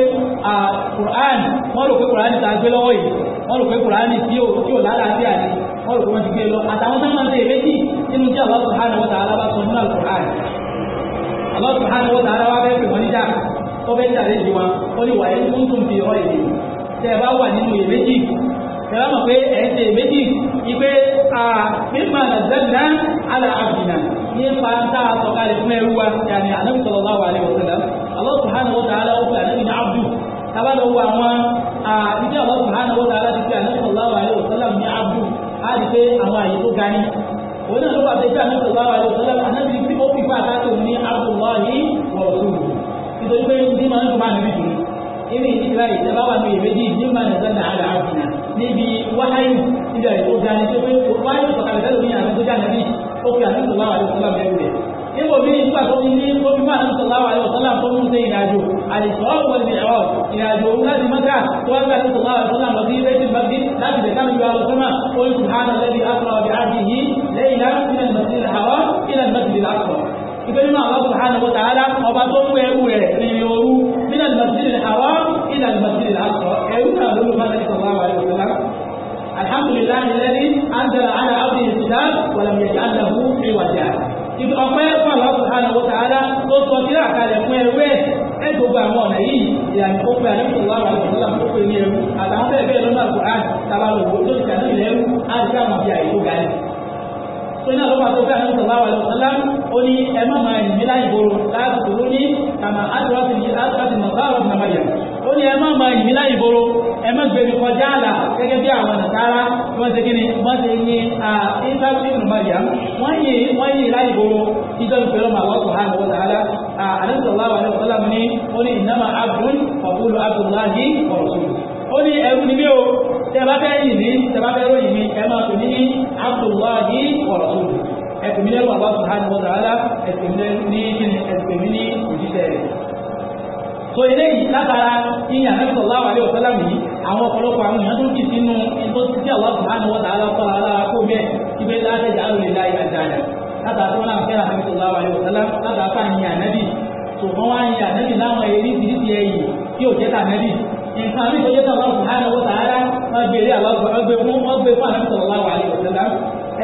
Qur'an wọ́n rò pé Qur'an ta gbé lọ́wọ́ yìí wọ́n rò pé Qur'an tí ò tí ò lálàáfíà ni wọ́n rò pé wọ́n Allah subhanahu wa ta'ala bá sọ nínú Al-Qur'an Allah subhanahu wa ta'ala wá fẹ́ pè wọ́n níjà ó fẹ́ jà lé tẹ́ bá wà nínú èméjì tẹ́lá mọ̀ pé ẹ̀ẹ́sẹ̀ èméjì ipé àmìmọ̀ nàìjíríà aláàbìnà ní pàtà àtọ̀kalẹ̀ fún ẹrú wa yàní ànábìsọ̀lọ́wà alẹ́wọ̀sẹ̀lá Allah subhanahu wa ta'ala ó fi ànábì ní abdu tábàlọ́wọ́ àwọn ìdí Allah subhanahu wa ta'ala ti fi ànábìsọ̀lọ́wà alẹ́wọ̀sẹ̀lá ní abdu á di pé àwọn àyè tó gani òun náà ló bá tẹ́jú ànábìsọ̀lọ́wà alẹ́wọ̀sẹ̀lá ànábì ó fi pàtàkì ní abdullahi wọ̀ọ̀sùn nítorí pé ní máa ń tó máa jù nínú ìtura ìjọba wà ní ìrèjì nígbà nàìjíríà àrà àbìnà níbi wáyé nígbà ètò ìdáni tó pé wáyé ìsọ̀kalẹ̀ tẹ́lẹ̀ ní àwọn tó jáde ní òkè àtúntò láwà ló sọ́lá bẹ́ẹ̀ rẹ̀. níbo mi ní nígbà tó ní ní omi máa ń sọ̀lá wà ló sọ́lá tó ń ṣe ìrìnàjò àlìsọ́ ọ̀pọ̀ ní ẹ̀rọ ìrìnàjò òun láti mọ́tà tó wá gbà tó sọ̀lá wà sọ́lá lọ sí ilé tí bá bí láti lè káàmì wà lọ sọ́mà ó ń sùhánà lẹ́bi àkọ́ ọ̀bẹ àbí yìí lẹ́yìn láti ilẹ̀ mọ̀tìlì àwọ̀ ilẹ̀ mọ̀tìlì àkọ́. ìgbẹ́ nínú àwọn sùhánà wọ́tà á المسجد الحرام إلى المسجد الأقصى أيونا أقول ماذا صلى الله عليه وسلم الحمد لله الذي أنزل على عبده الكتاب ولم يجعل له عوجا ibi ọpẹ́ fún àwọn subhanahu wa ta'ala tó sọ sí àkàlẹ fún ẹwẹ ẹ gbogbo àwọn ọ̀nà yìí ìyàní ó pe àdéhùn wa wà lọ́sọ̀lá ó pe ní ẹrú àtàwọn bẹ́ẹ̀ bẹ́ẹ̀ lọ́nà àgbà tàbá lòwó tó ti kà ní ilẹ̀ ẹrú á ti ká àwọn àbí àyè tó ga ni tó náà ló bá tó fẹ́ràn sọ̀rọ̀ àwọn ọ̀sánlá ó ní ẹ má máa yìn mí láì gbòòrò láàbùkù ló ní kàmá àdúrásì ní àdúrásì mọ̀sáàrọ̀ ní àmàlẹ̀ ó ní ẹ má máa yìn mí láì gbòòrò ẹ má gbèrú kọjá àlà gẹ́gẹ́ bí àwọn nàkárá tí wọ́n ṣe kí ni wọ́n ṣe ní ìsáàbùsì mọ̀mọ́lẹ̀ wọ́n yìn wọ́n yìn láì gbòòrò ìjọ ìfẹ́rọ̀ màwọ́ sọ̀hánà wọ́n tààlà àdúrásì sallallahu alaihi wasallam ní ó ní ìnáma tẹ́ bá fẹ́ yìn mí tẹ́ bá fẹ́ ròyìn mí ẹ máa pè mí ní abdullahi ọ̀rọ̀tún ẹ̀pẹ̀ lẹ́rù Allah subhanahu wa ta'ala ní òjíṣẹ́ rẹ̀ so eléyìí látara ìyàn náà sallallahu alaihi wasallam yìí àwọn ọ̀pọ̀lọpọ̀ àwọn èèyàn tó kì sínú tó ti tí Allah subhanahu wa ta'ala kọ́ alára kó bẹ́ẹ̀ ibẹ̀ látẹ̀jà àrùn ìlà ìlà ìdájà látàtà wọn náà fẹ́ràn àmì sallallahu alaihi wasallam látàtà ìyàn náà bì so wọ́n wá ìyàn náà nǹkan mi tó yẹ kí àwọn ọ̀hánà wọ́n sàárà wọ́n gbèrè àwọn ọgbẹ́ fún ọgbẹ́ fún àwọn sọ̀rọ̀ láwà àlẹ́ òṣèlá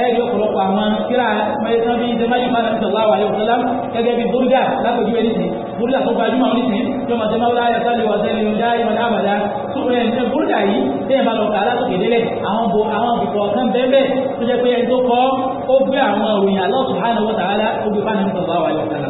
ẹ̀rí ọ̀pọ̀lọpọ̀ àwọn kíra mẹ́tàn bíi ìdẹ́májú fún àwọn sọ̀rọ̀ láwà àlẹ́ òṣèlá gẹ́gẹ́ bíi búrúdà lápẹjú ẹni sí búrúdà tó gbajúmọ̀ ní sí tó máa tẹ́mọ́ láyà sáré wà sẹ́lẹ̀ ọjà ìmọ̀lá àbàdá tó rẹ̀ ń tẹ́ búrúdà yìí tẹ́yẹ̀ bá lọ kàá látòkè délẹ̀ àwọn bo àwọn ìfọ̀ kan bẹ́ẹ̀ tó jẹ́ pé ẹni tó kọ́ ó gbé àwọn òròyìn Allah subhanahu wa ta'ala ó gbé fún àwọn sọ̀rọ̀ láwà àlẹ́ òṣèlá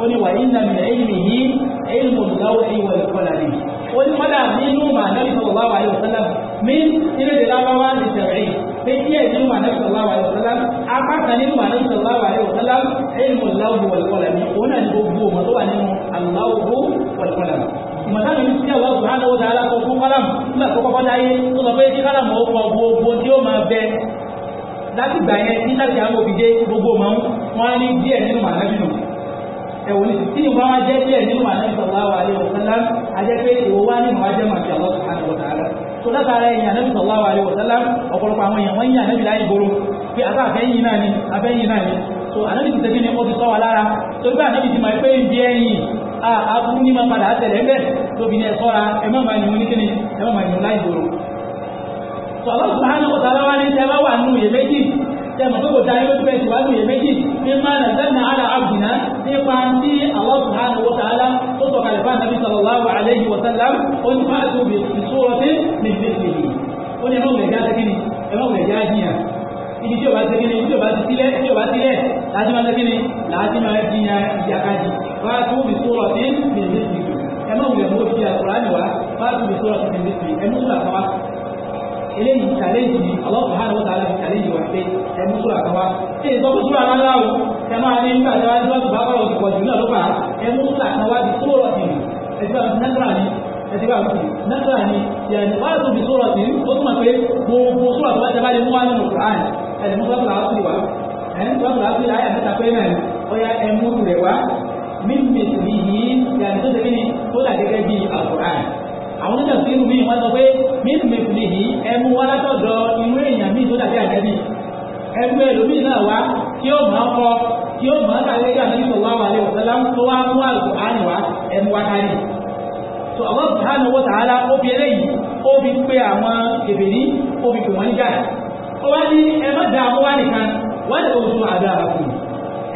ó ní wà nínú mi ẹ̀yìn yìí ẹ̀yìn mo lọ́wọ́ ẹ̀yìn wọ̀ ìkọlà ni ó ní kọ́dà nínú màdàbí sọ̀rọ̀ wà ní ọ̀sán mi nínú ìdè lábáwá ní sẹ̀rẹ̀ yìí pé díẹ̀ nínú màdàbí sọ̀rọ̀ wà ní ọ̀sán apá kan nínú màdàbí sọ̀rọ̀ wà ní ọ̀sán ẹ̀yìn mo lọ́wọ́ wọ̀ ìkọlà ni òun náà ní gbogbo ọmọ tó wà nínú aláwọ̀ wọ̀ ìkọlà ìmọ̀tánù ní sí àwọn ọ̀sán ẹ̀wọ̀n tí ìwà wa jẹ́ díẹ̀ nínú àdẹ́sọ̀lá wa alẹ́ wọ̀sánlá ajẹ́ pé ìwọ wá ní ìwà jẹ́ màtí ọlọ́sàn àti wọ̀tà rẹ̀ tó látara ẹ̀yìn àdẹ́sọ̀lá wa alẹ́ wọ̀sánlá ọ̀pọ̀lọpọ̀ àwọn èèyàn wọ́n yìn àdẹ́bí láì gbòòrò pé àbá àfẹ́yìn náà ni àfẹ́yìn náà ni so àdẹ́bí ti tẹ́bí ni ó ti tọ́ wa lára torí pé àdẹ́bí ti mọ̀ pé ń bí ẹ̀yìn àbú ní máa padà tẹ̀lé bẹ́ẹ̀ tóbi ní ẹ má máa má so Allah subhanahu wa ta'ala ní tẹ́ bá wà nù yè méjì tẹ́ mọ̀ pé mímá nàzẹ́nà àlà àbùnà nípa tí Allah subhanahu wa ta'ala tó sọ̀kalẹ̀ fún ànábì sallallahu alayhi wa sallam ó ní máa tó bèèrè sóòrò tí ní bèèrè ó ní ẹ̀rọ ìgbẹ̀já tẹ́kínì ẹ̀rọ ìgbẹ̀já jìyàn ibi tí ó bá tẹ́kínì tí ó bá ti sílẹ̀ tí ó bá sílẹ̀ láti máa tẹ́kínì láti máa jìyàn ìjàkadì wá tó bèèrè sóòrò tí ní bèèrè eléyìí challenge ni Allah subhanahu challenge wà pé ẹnu sóra kan wá ṣé ìsọkú sóra rárá o ẹ máa ní nígbà tí wọ́n ti wọ́n ti bá bọ̀rọ̀ di sóra tìrì ẹ̀sìnkà nàkàrà ni ẹ̀sìnkà nàkàrà ni yẹn wá tó fi sóra tìrì ó túmọ̀ pé gbogbo sóra tó bá ti bá lè mú wá nínú Qur'an ẹ̀ mú sọ́kùnrin àásùrì wá ẹ̀ ń sọ́kùnrin àásùrì láyà mẹ́ta pé náà ọ̀yà ẹ̀ àwọn oníjà sí irú mi wọ́n sọ pé mílù mẹ́fìlì yìí ẹmu wá látọ̀dọ̀ irú èèyàn míì tó dàbí àjẹ́bí ẹmu ẹlòmíì náà wá kí ó máa kọ kí ó máa kàlẹ́ gà ní ìṣòwò àwọn àlẹ́ òṣèlá ń wá mú àlùkò àánì wá wá kárí. tó àwọn sùhánù owó tààlà ó fi eléyìí ó fi pé àwọn kèbèrí ó fi wọ́n níjà ó wá ní ẹ da àwọn wá nìkan wọ́n lè oṣù àdá àkùn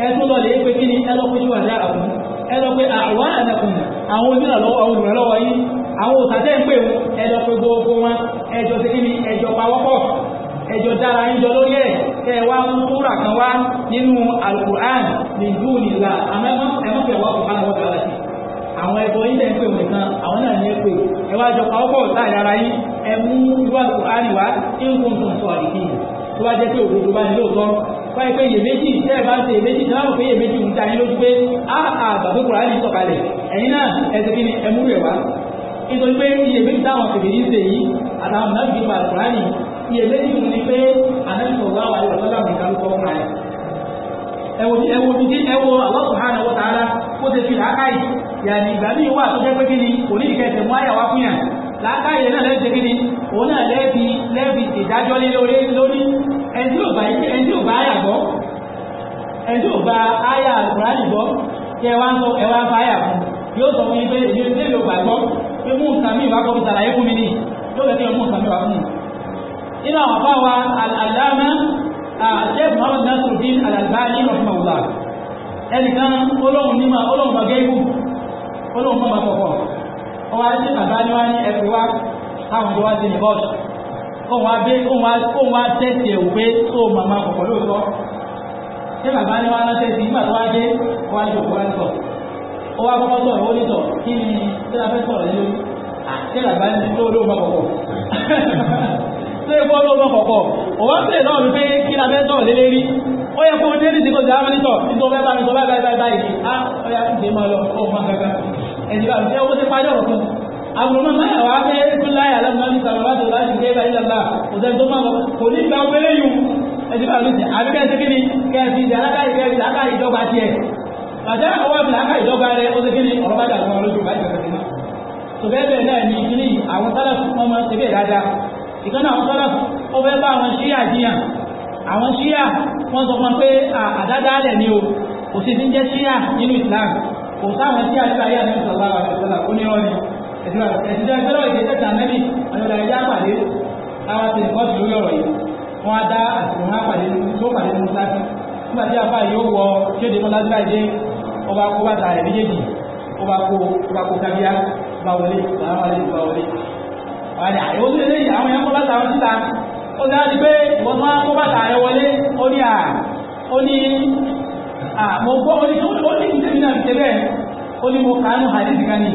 ẹ lọ lè pé kí ni ẹ ṣùgbọ́n àdá àkùn ẹ àwọn àdàkùn àwọn onírànlọ́wọ́ yìí àwọn òtàtẹ́ ń pè wọn ẹjọ́ pé gbogbo wọn ẹjọ́ sí kíni ẹjọ́ pawọ́pọ̀ ẹjọ́ dára ń jọ lórí ẹ̀ kẹ́ ẹ wá ń túra kan wá nínú alukur'an ní ìlú nìlá àmọ́ ẹ̀mọ́ pẹ̀lú ọkọ̀ kan wọ́n dára sí àwọn ẹ̀kọ́ yìí lẹ́ ń pè wọn kan àwọn náà ní ẹ pè ẹ wá jọ pawọ́pọ̀ láàrin ara yín ẹ mú irú alukur'an wá nǹkan tó ń sọ àdìgí tó bá jẹ́ pé òdodo bá ní lóòótọ́ wáyé pé iyèméjì tẹ́ ẹ bá ń ṣe iyèméjì náà wọ́n pé iyèméjì ń ta yín lójú pé a àgbàdo kùránì sọ̀kalẹ̀ ẹ̀yin náà ẹ̀sìn kí ni ẹmú rẹ̀ wá nítorí pé iye méjì táwọn kèbèrè ń ṣe yìí àtàwọn mìíràn fi pa àlùkùránì iye méjì wù ní pé àdáṣọ wà wà lọ sọ́dọ̀ nìkan ló kọ́ máa ẹwọ bí ẹwọ bí ẹwọ Allah subhanahu wa ta'ala kó ṣe fi làákàyè yàní ìgbà míì wà tó jẹ́ pé kí ni kò ní ìkẹsẹ̀ mú àyàwá fún yàn làákàyè náà lẹ́ẹ̀ṣẹ̀ kí ni òun náà lẹ́ẹ̀bi lẹ́ẹ̀bi ìdájọ́ lé lórí lórí ẹni tí ò bá àyà gbọ́ ẹni tí ò bá àyà àlùkùránì gbọ́ kí ẹ wá ń sọ ẹ wá ń fa àyà fún yóò sọ fún yín pé èmi ò yóò mú nǹkan mi wá kọ́ fi sàlàyé fún mi ní yóò fẹ́ kí yóò mú nǹkan mi wá fún mi. nínú àwọn afá wa al-allama sheikh muhammad nasiruddin al-albani rahimahullah ẹnìkan ni wá ní ẹ̀fọ́ wa táwọn ìjọba ti ní bọ́ọ̀sì kóhun wá bẹ́ kóhun wá tẹ̀sí ẹ̀wù pé tó ó wá kọ́kọ́ sọ̀rọ̀ ó ní sọ kí ni tí a fẹ́ sọ̀rọ̀ yìí lórí àti àgbà ní tó ló bá kọ̀kọ̀ tó yẹ kó ló bá kọ̀kọ̀ ó wá sílẹ̀ náà wípé kí la fẹ́ sọ̀rọ̀ lé lérí ó yẹ kó o dé ah, ní ti kó ti àwọn onítọ̀ tí tó fẹ́ bá mi sọ báyìí báyìí báyìí á ah, ó yà kó ti máa lọ ó máa kankan ẹ̀sìn bá mi ṣe owó ti bá bàtà ọwọ́ àbìlà ká ìdọ́gba rẹ ó ti kí ni ọ̀rọ̀ bá dà lọ́wọ́ lójú bá jẹ̀rẹ̀ mọ́ tó bẹ́ẹ̀ bẹ́ẹ̀ náà ní kíní àwọn sálàfù wọn máa ń ṣe bẹ́ẹ̀ dáadáa ìkànnì àwọn sálàfù ó fẹ́ bá àwọn ṣíyà jiyàn àwọn ṣíyà wọ́n sọ fún pé àdádáálẹ̀ ni o kò sí ti ń jẹ́ ṣíyà nínú Islam kò sáwọn ṣíyà nípa ayé àmì ìsọ̀lá àṣọ̀lá ó ní rọ́ọ̀nì ẹ̀sìn tó ẹgbẹ́ lọ́wọ́ ìdẹ́sẹ̀ àmẹ́bí ọ̀nà ìjà pàdé àwọn ti nǹkan ti lórí ọ̀rọ̀ yìí wọ́n á dá àsìkò wọn á pàdé tó pàdé nínú sáfì nígbà tí àfáà yóò wọ kéde mọ́ láti láìdé ó bá kó bàtà rẹ̀ méjèèjì ó bá kó ó bá kó kábíyá ó bá wọlé sàlámà lè bá wọlé. àdà ìwọ tó lélẹ́yìn àwọn èèyàn kó bàtà wọn síta ó dáa di pé ìwọ tó wá kó bàtà rẹ̀ wọlé ó ní à ó ní à mo gbọ́ ó ní ó ní ìdílé náà ti tẹ́lẹ̀ ó ní mo kàánú hadith kan ní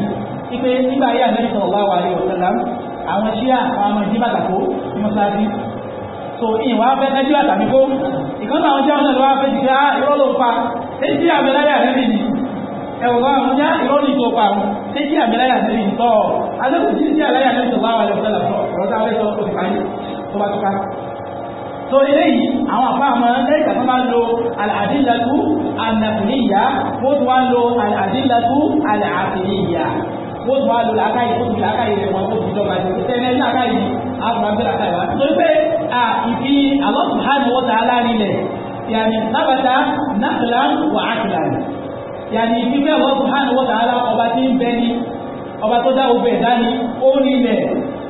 ipe nígbà yà mẹ́rin sọ̀rọ̀ wá àwọn ṣíà àwọn ọmọ ìdí bàtà tó ní mọ́ṣáájú so ìkan náà jẹ́ ọ̀nà ìwà fẹ́ jìgá ìrọ́lò ah, pa tẹ́jì àmìláyà rẹ̀rì ni ẹ̀wọ̀n àwọn jẹ́ ìrọ́lò ah, tó pa wọn tẹ́jì àmìláyà rẹ̀rì ń tọ́ alẹ́kùn tí sí àláyà rẹ̀rì tó bá wà lẹ́fẹ́ lọ́tọ́ ọ̀rọ̀ tá a fẹ́ sọ ó ti parí tó bá tó ká so eléyìí àwọn àpá àmọ́ lẹ́yìn tó máa ń lo àdìlẹ́tù àdàkùnìyà ó tún wá ń lo àdìlẹ́tù àdàkùnìyà bó tún wá lò làákàyè bó tún làákàyè rẹ̀ wọn bó tún jọba ní sẹ́yìn ní o àgbà bẹ́ẹ̀ làákàyè wa. torí pé à ìfi Allah subhanahu wa ta'ala nílẹ̀ yàní sábàtà nàkìlá wà ákìlá ni yàní ìfi bẹ́ẹ̀ Allah subhanahu wa ta'ala ọba tí ń bẹ ní ọba tó o ogun ẹ̀dá ni ó nílẹ̀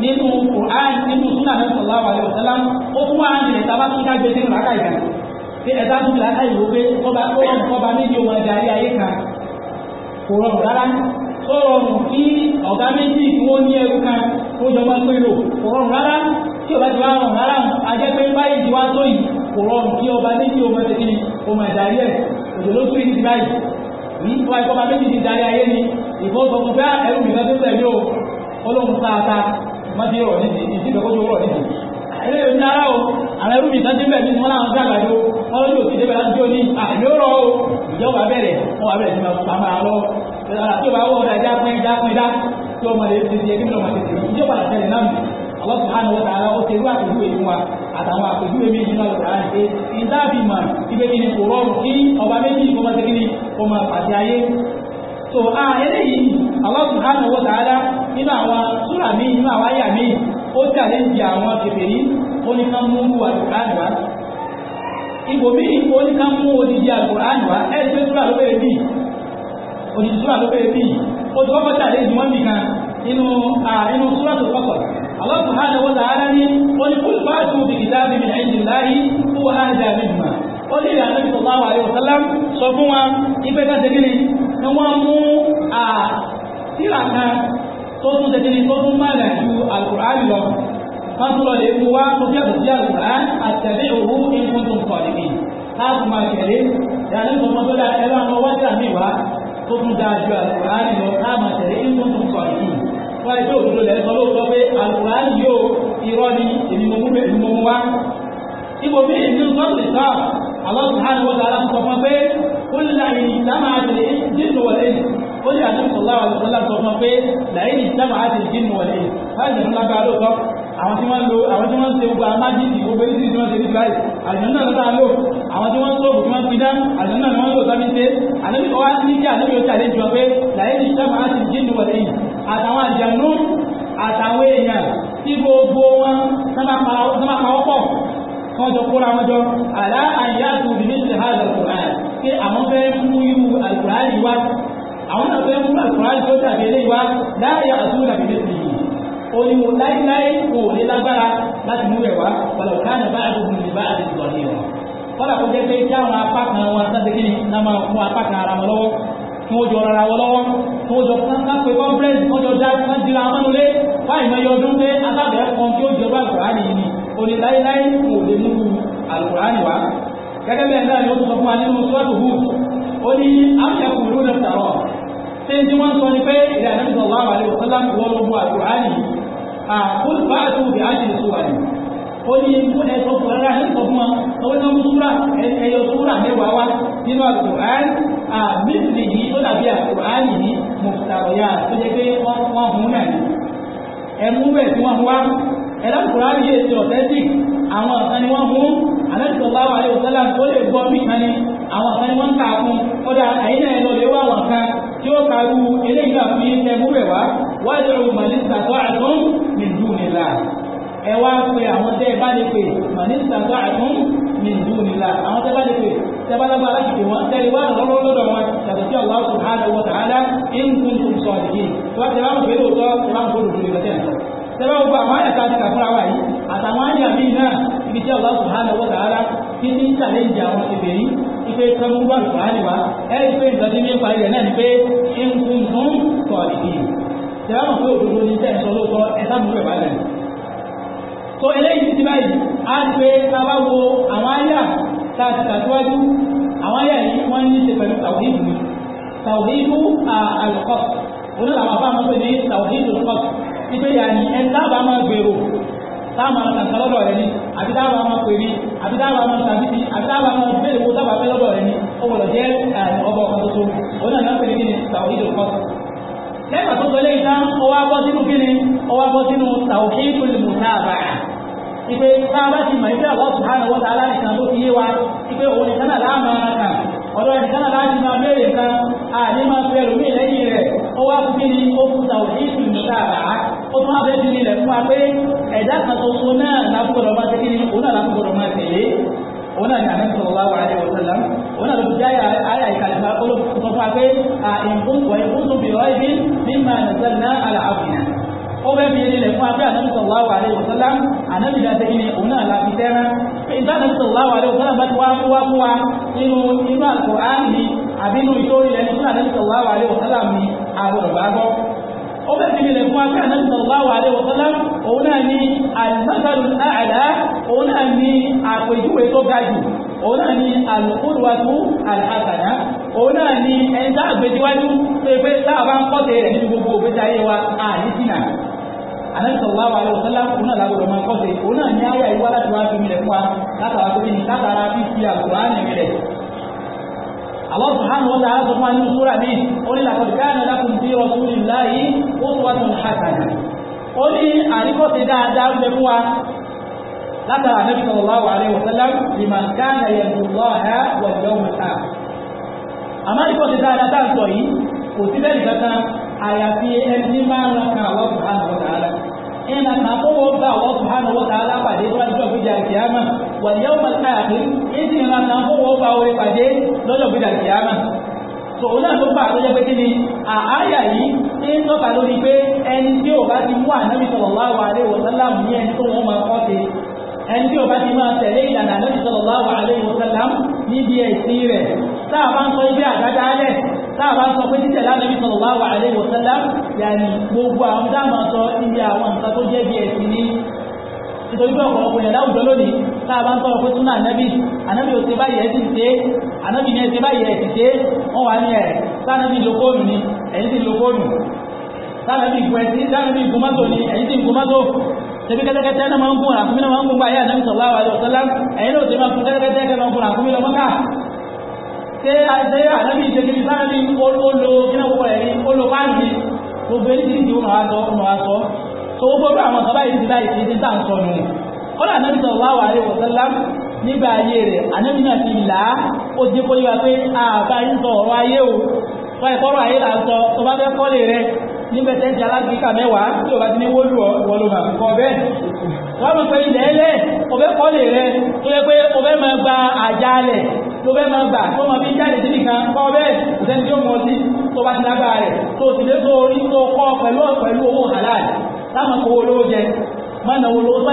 nínú Qur'an nínú sunnah Nabi sallallahu alaihi wasallam o tún wá o tá a bá tún ká gbé sínú làákàyè kan pé ẹ̀dá o làákàyè wò o ọba ó rọrùn o méjì ó wọn darí ayé kan kò rọrùn rárá ó rọrùn kí ọ̀gá méjì wọ́n ní ẹrú kan kó jọ máa pé lò kò rọrùn rárá tí ọba ti wá rọrùn rárá a jẹ́ pé báyìí ti wá tó yìí kò rọrùn kí ọba méjì ó máa ṣe kí ni ó máa darí ẹ̀ òjò ló tún ìdí báyìí ní wá ikọ́ ọba méjì ti darí ayé ni ìfowópamọ́ bá ẹrú mi lọ́dún tẹ̀lé o olóhùn tààtà má ti rọ̀ nídìí ìdí ìdókòjò rọ̀ nídìí ẹlẹ́yìn tí o bá wọ́n ọ̀dà ẹja pín pín tí o mọ̀ lè di ẹgbẹ́ ndị tètè ìjọ padà tẹ̀lé náà mi Allah subhanahu wa ta'ala ó tẹ̀lé àpèjúwe fún wa àtàwọn méjì náà mà kò rọrùn kí ọba méjì kó máa tẹ́kí kó máa pàṣẹ ayé. tó a eléyìí Allah subhanahu wa ta'ala nínú àwọn mi nínú àwọn àyà mi ó òní súrà tó bẹ̀rẹ̀ bí ó ti kọ́kọ́ tàlé ìdí wọ́n bì kan inú inú súrà tó kọ́kọ́ Allah subhanahu wa ta'ala ní ó ní kúlù bá tún fi kìtà bí min indillahi kó wà áhìdá mi mà ó ní ìlànà Nabi sallallahu alaihi wasallam sọ fún wa ìfẹ́ ká ṣe kíni ni wọ́n mú síra kan tó tún ṣe kíni tó tún má nà ju Al-Qur'an lọ wọ́n tún lọ lè mú wá tó bí àbùsí Al-Qur'an àtẹ̀lé òwú ìfúntùn kọ̀ọ̀dì láti máa tẹ̀lé ìyàlẹ́ ìfọ̀mọ́tọ́lá ẹ̀rọ àwọn wájà mi wá tó tún dáa ju àlùkùránì lọ káàmà tẹ̀lé nínú tó sọ yìí wọ́n ẹgbẹ́ òdodo lẹ́ sọ lóòótọ́ pé àlùkùránì yóò irọ́ ni èmi mo mú èmi mo mú wá. ibo mi ìlú sọ́ọ̀tì sọ àwọn sùhánù wọn dára sọ fún pé ó ní láyé ní ìdámà àtẹlẹ jíìnù wọlé ni ó ní àdúgbò láwà lọ́sọ́lá sọ fún pé láyé ní ìdámà àtẹlẹ jíìnù wọlé ni láyé ní àwọn tí wọ́n lo àwọn tí wọ́n ṣe gba májíìkì gbogbo ní ìdíjú wọn ṣe nípa ẹ̀ àlùjọ náà ló bá lò àwọn tí wọ́n sọ̀rọ̀ tí wọ́n pin dá àlùjọ náà ni wọ́n lò sọ́mi ṣe àlẹ́bí wa ní kí àlẹ́bí ó tàlẹ́ jù pé làyé ní ìṣẹ́ máa ti jí níwọ̀ lẹ́yìn àtàwọn àjẹmú àtàwọn èèyàn tí gbogbo wọn sábà pawọ́ pọ̀ wọ́n jọ kóra wọn jọ àlá àyíyáàtò bí méjì ha àlùkùránì pé àwọn fẹ́ mú irú àlùkùránì wá àwọn náà fẹ́ mú àlùkùránì tó tàbí eléyìí wá láàyè àtúnlà bí méjì ó ní mo láíláí kò ní lágbára láti mú ẹ̀wá wàlọ̀ káàní bá àdúgbò ní bá àdúgbò ìgbà ní ìwọ̀n kọ́lá kó jẹ́ pé kí àwọn apá kan wọn sáde kí ni náà máa fún apá kan ara wọn lọ́wọ́ kí wọ́n jọ rárá wọn lọ́wọ́ kí wọ́n jọ káńká pé conference wọ́n jọ dá wọ́n dira amánulé báyìí máa yọ ọdún pé alábẹ̀ẹ́ kan tí ó jọba àlùkùránì yìí ni ó ní láíláí kò lè mú àlùkùránì wá gẹ́gẹ́ bẹ́ẹ̀ náà ni ó sọ fún wa nínú sọ́ọ̀tù hù ó ní àmìyàkùn lónà tààrọ̀ tí wọ́n sọ àkóso bá àti òbí á ṣe sùúrà ni ó ní ikú ẹ̀sọ́ fún ní sọ fún ọ ọwọ́ ẹ̀yọ súrà mẹ́wàá wá nínú àgbò àárín àmìsìlì yìí ó dàbí àgbò àárín yìí mùsàlùyà tó jẹ́ pé wọ́n hùn náà ẹ̀mú bẹ̀ tí wọ́n wá ẹ̀dá kùránì yìí ti ọ̀tẹ́tì àwọn kan ni wọ́n fún àlẹ́sọ̀ bá wà lè òtẹ́lá tó lè gbọ́ bí kan ni àwọn kan ni wọ́n ń kà fún kódà àyín náà lọ lè wá àwọn kan tí ó karú eléyìí náà fi ń rẹ̀ wá wá lè rò màlísà tó àtún nìdú nìlà ẹ wá pé àwọn tẹ́ ẹ bá lè pè màlísà tó àtún nìdú nìlà àwọn tẹ́ bá lè pè tẹ́bálágbá láti pè wọ́n tẹ́lẹ̀ wá lọ́wọ́ lọ́dọ̀ wọn yàtọ̀ sí Allah subhanahu wa ta'ala in kuntum sadiqin wọ́n ti ráhùn pẹ̀lú òótọ́ ráhùn pẹ̀lú òdodo tẹ́lá gbogbo àwọn àyàká ti kàfúnra wa yìí àtàwọn àyà míì náà ibi tí Allah subhanahu wa ta'ala kí ní challenge àwọn ìbè yìí ipe kọ́mú bá lùkọ́ á níwá ẹ rí pé nǹkan tí mi ń parí rẹ̀ náà ni pé nǹkan tó ń kọ̀ ìdí tẹ́lá mọ̀ pé òdodo ní tẹ́ sọ lóòótọ́ ẹ sáàmù rẹ̀ balẹ̀ so eléyìí ti báyìí á ti pé tá a bá wo àwọn àyà tá a ti tàṣíwájú àwọn àyà yìí wọ́n ní ṣe pẹ̀lú tàwíìdù tàwíìdù àlùkọ́ òun náà pé ní tàwíìdù lùkọ́ wípé yàní ẹ dábàá máa gbèrò táàmà tàǹtà lọ́dọ̀ rẹ ni àbí dábàá máa pè ní àbí dábàá máa tàbí àbí dábàá máa béèrè owó dábàá fẹ́ lọ́dọ̀ rẹ ni ó gbọ́dọ̀ jẹ́ ọba ọ̀kan tuntun òun náà lápẹ̀lẹ̀ kí ni tàwídò kọ́ lẹ́gbà tó sọ lẹ́yìn tán ó wá bọ́ sínú kí ni ó wá bọ́ sínú tàwídò mùtáàbàá ipe tá a bá ti mọ̀ ipe àwọn sùhánà wọ́n ta aláìsàn tó fi yé wa ipe òun nìkan náà láàmà kà ọ̀dọ̀ nìkan náà láti máa mẹ́rẹ̀ kan àní máa fẹ́ lómi lẹ́yìn rẹ̀ ó wá fún kí ni ó fún tàwídò mùtáàbàá ó tún abẹ́ ti nílẹ̀ fún wa pé ẹ̀dá kan tuntun náà lágbọ́dọ̀ máa tẹ́kí ní òun náà lágbọ́dọ̀ máa tẹ̀lé òun náà ni àmì sọ̀rọ̀ wá wàhálà ìwọ̀n sọ̀lá òun náà ló fi jáyà ayà ìkàlẹ̀ fún olóòtú fún wa pé à ìfúnpọ̀ ìfúnpọ̀ bí ọ́ ibi ní máa nàzẹ́ ná àlà àbùnà ó bẹ́ fi nílẹ̀ fún wa pé àmì sọ̀rọ̀ wá wàhálà ìwọ̀n sọ̀lá ànábì náà tẹ́kí òun náà láfi tẹ́rán ìgbà àmì sọ̀rọ̀ wá wàhálà ìwọ̀n sọ̀lá bá ti wá fún wa fún inú àlùkò àmì àbínú ìtòrí ẹni fún àmì sọ̀rọ̀ wá wàhálà ìwọ̀n sọ̀lá mi àbọ̀rọ̀ ó bẹ̀ sí ilẹ̀ fún akẹ́ ànábì sallallahu alaihi wa sallam òun náà ni al-mathalu al-a'la òun náà ni àpèjúwe tó ga jù òun náà ni al-qudwatu al-hasana òun náà ni ẹni tá àgbèjúwájú pé pé táà bá ń kọ́tẹ̀ rẹ̀ nínú gbogbo ògbésí ayé wa àní sínà àlẹ́sọ̀láwà àlẹ́sọ̀lá òun náà lágbọ̀dọ̀ máa kọ́ sí òun náà ní àyà ìwá láti wá fi mílẹ̀ fún wa látara pé ní látara fífi àkùrá nìmílẹ̀ Allah subhanahu wa ta'ala sọ fún wa nínú súra mi ó ní laqad kana lakum fi rasulillahi uswatun hasanah ó ní àríkọ́sí dáadáa ń bẹ fún wa látara nabi sallallahu alayhi wa sallam liman kana yarju Allaha wal ẹnà àkókò bá wọ́n fún hàn wọ́n tààlà pàdé tó bá jọ gbígbà kìámà wà ní ọmọ káàkì èsì ìrìnà àkókò bá wọ́n pàdé lọ́jọ́ gbígbà kìámà tòun náà ló bá àtọ́jọ́ pé kí ni àáyà yìí ní tọ́ka lórí pé ẹni tí ò bá ti mú ànábì sallallahu alaihi wasallam ní ẹni tó wọ́n máa kọ́ ẹni tí ó bá ti máa tẹ̀lé ìlànà Ànábì sallallahu alaihi wasallam níbi ẹ̀sìn rẹ̀ tá a bá ń sọ ibi àdáda alẹ̀ tá a bá ń sọ pé títẹ̀ lánàbí sallallahu alaihi wasallam yàní gbogbo àwọn dáàmà sọ ibi àwọn nǹkan tó jẹ́ bí ẹ̀sìn ní nítorí pé ọ̀pọ̀lọpọ̀ yẹn láwùjọ lónìí tá a bá ń sọ̀rọ̀ pé súnà ànábì ànábì ò ṣe báyìí ẹ̀sìn ṣe ṣebí kẹ́tẹ́kẹ́tẹ́ náà máa ń gún ràkúnmí náà máa ń gún báyìí àdámì sallallahu alaihi wasallam ẹ̀yìn náà ti máa gún kẹ́tẹ́kẹ́tẹ́ kẹ́ máa gún ràkúnmí lọ mọ́ká ṣé àṣẹ àdámì ìṣèkiri sáàbí olo kíná gbogbo rẹ̀ ní olo páàlì gbogbo èyí ti wọ́n máa sọ wọ́n máa sọ tó gbogbo àwọn sábà yìí alaihi wasallam nígbà ayé rẹ̀ àdámì náà ti là á ó ti kó yíwa pé àbá yín sọ ọ̀rọ̀ ayé o tọ́ ẹ̀kọ́rọ̀ ayé là ń níbẹ̀ tẹ́ǹtì alágbèéká mẹ́wàá tí o bá ti ní wọ́lù wọ́lù mà kọ́ bẹ́ẹ̀ wọ́n mọ̀ pé ilẹ̀ ẹlẹ́ o fẹ́ kọ́lé rẹ tó yẹ pé o fẹ́ máa gba àjálẹ̀ tó fẹ́ máa gbà tó máa fi jáde sí nìkan kọ́ bẹ́ẹ̀ kò sẹ́ni tí ó mọ̀ sí tó bá ti lágbára rẹ̀ tó o sì lé tó orí tó kọ́ pẹ̀lú pẹ̀lú owó halal láwọn owó olówó jẹ mọ́nà owó olówó sọ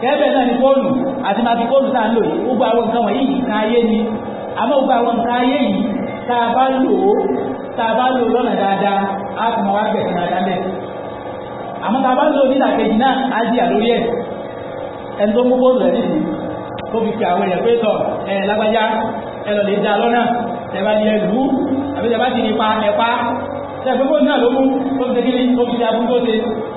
kẹ́ẹ̀bẹ̀ náà ni fóònù àti máa fi fóònù tá à ń lò yìí gbogbo àwọn nǹkan wọ̀nyí nǹkan ayé ni àmọ́ gbogbo àwọn nǹkan ayé yìí tá a bá lò ó tá a bá lò ó lọ́nà dáadáa á kò mọ wá gbẹ̀sìn dáadáa bẹ́ẹ̀ àmọ́ tá a bá lò ó nílà kejì náà á di àlórí ẹ̀ ẹni tó mú fóònù rẹ̀ nìyí tó fi fi àwọn èèyàn pé tọ̀ ẹ̀ lágbájá ẹ lọ lè da lọ́nà ẹ bá ní ẹ lù ú àbí ẹ bá ti nípa ẹ pa ṣe àgbẹ̀fọ́ náà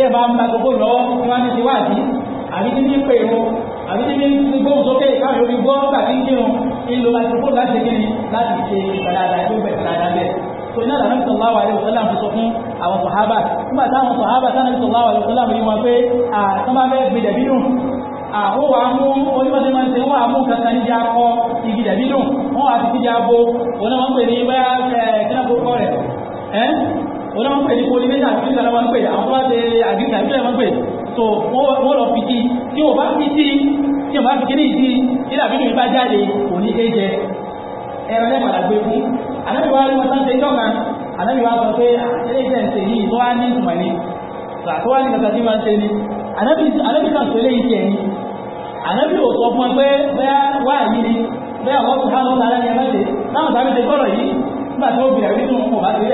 bẹ́ẹ̀ bá ń bá gbogbo lọ́wọ́ tí wọ́n ní ti wá àti àbí tí ní pè ó àbí tí ní gbóhùn sókè káwọn orí gbọ́ tàbí ń kírun ìlò láti kúrò láti ṣe kíni láti ṣe ìgbàlára tó bẹ̀ ìgbàlára bẹ́ẹ̀. tó ní àlànà ìsọ̀lá wa rẹ̀ òṣèlú àti sọ fún àwọn sọ̀hábà nígbà táwọn sọ̀hábà táwọn ìsọ̀lá wa rẹ̀ òṣèlú yìí wọn pé àtọ́ bá fẹ́ gbé dẹ̀bí dùn àwọn wà mú onímọ̀tí máa ń ṣe wọ́n àmú kankan níjà akọ igi dẹ̀bí dùn wọ́n àti tíjà abo òun náà wọ́n pè ní bẹ́ẹ̀ kí onímọ̀ pè ní polymation àgbẹ̀kà lọ́wọ́ ń pè àwọn tó bá ṣe àgbẹ̀kà àgbẹ̀kà pè so wọ́n lọ fi tí tí o bá fi tí tí o bá fi kíní ìdí nígbà bí mi jáde kò ní ké jẹ ẹ̀rọ padà gbé fún ànábì wa rí wọn tán sọ pé àtẹ́lẹ́ ń ṣe yìí tó wá ní ìtumọ̀ tó wá ní kàkà tí wọ́n ṣe ni ànábì sọ eléyìí tiẹ̀ ni ànábì sọ fún ẹ bẹ́ẹ̀ wá yìí ni bẹ́ẹ̀ wọ́n kò hánú lára ni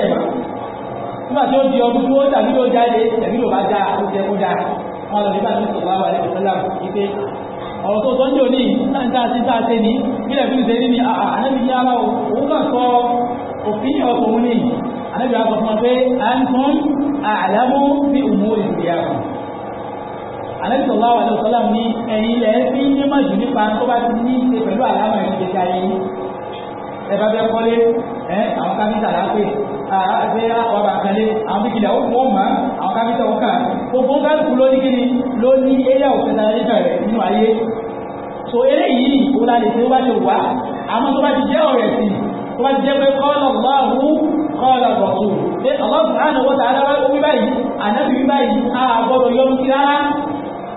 ẹ má nígbà tí ó di ọdún tó tàbí ló jáde tàbí ló bá já ó jẹ kó dáa wọn lọ nígbà tí ó sọ̀rọ̀ àwọn àlejò sọ́lá wípé ọ̀rọ̀ tó sọ́njọ́ ní táǹtà sí táǹtà ní bílẹ̀ fi ṣe ní ni ànábì ní ara òun kà sọ òfin ọkùnrin ní ànábì wa sọ fún wọn pé à ń tún àlámú bí òmù ìrìnà ànábì sọ̀rọ̀ àwọn àlejò sọ́lá ní ẹ̀yìn ilẹ̀ fi ní mọ̀jù nípa tó bá ti ní ṣe pẹ̀lú àlámọ̀ ìrìnà ẹ̀bá bẹ́ kọ́lé ẹ̀ àwọn kámítà lápè àti ọba àkàlẹ àwọn bíkìlì àwọn òkú ọmọ àwọn kápítà ọkà gbogbo kálukú ló ní kíni ló ní eré òkúta níta rẹ nínú ayé so eléyìí òun láti tí ó bá ti wà àmọ́ tó bá ti jẹ́ ọ̀rẹ́ sí tó bá ti jẹ́ pé kọ́ọ̀lọ̀ báwù kọ́ọ̀lọ̀ bọ̀tù pé ọlọ́sùn láàánú wọ́n tààrà ó wí báyìí ànábì wí báyìí a gbọ́dọ̀ yọnu sí rárá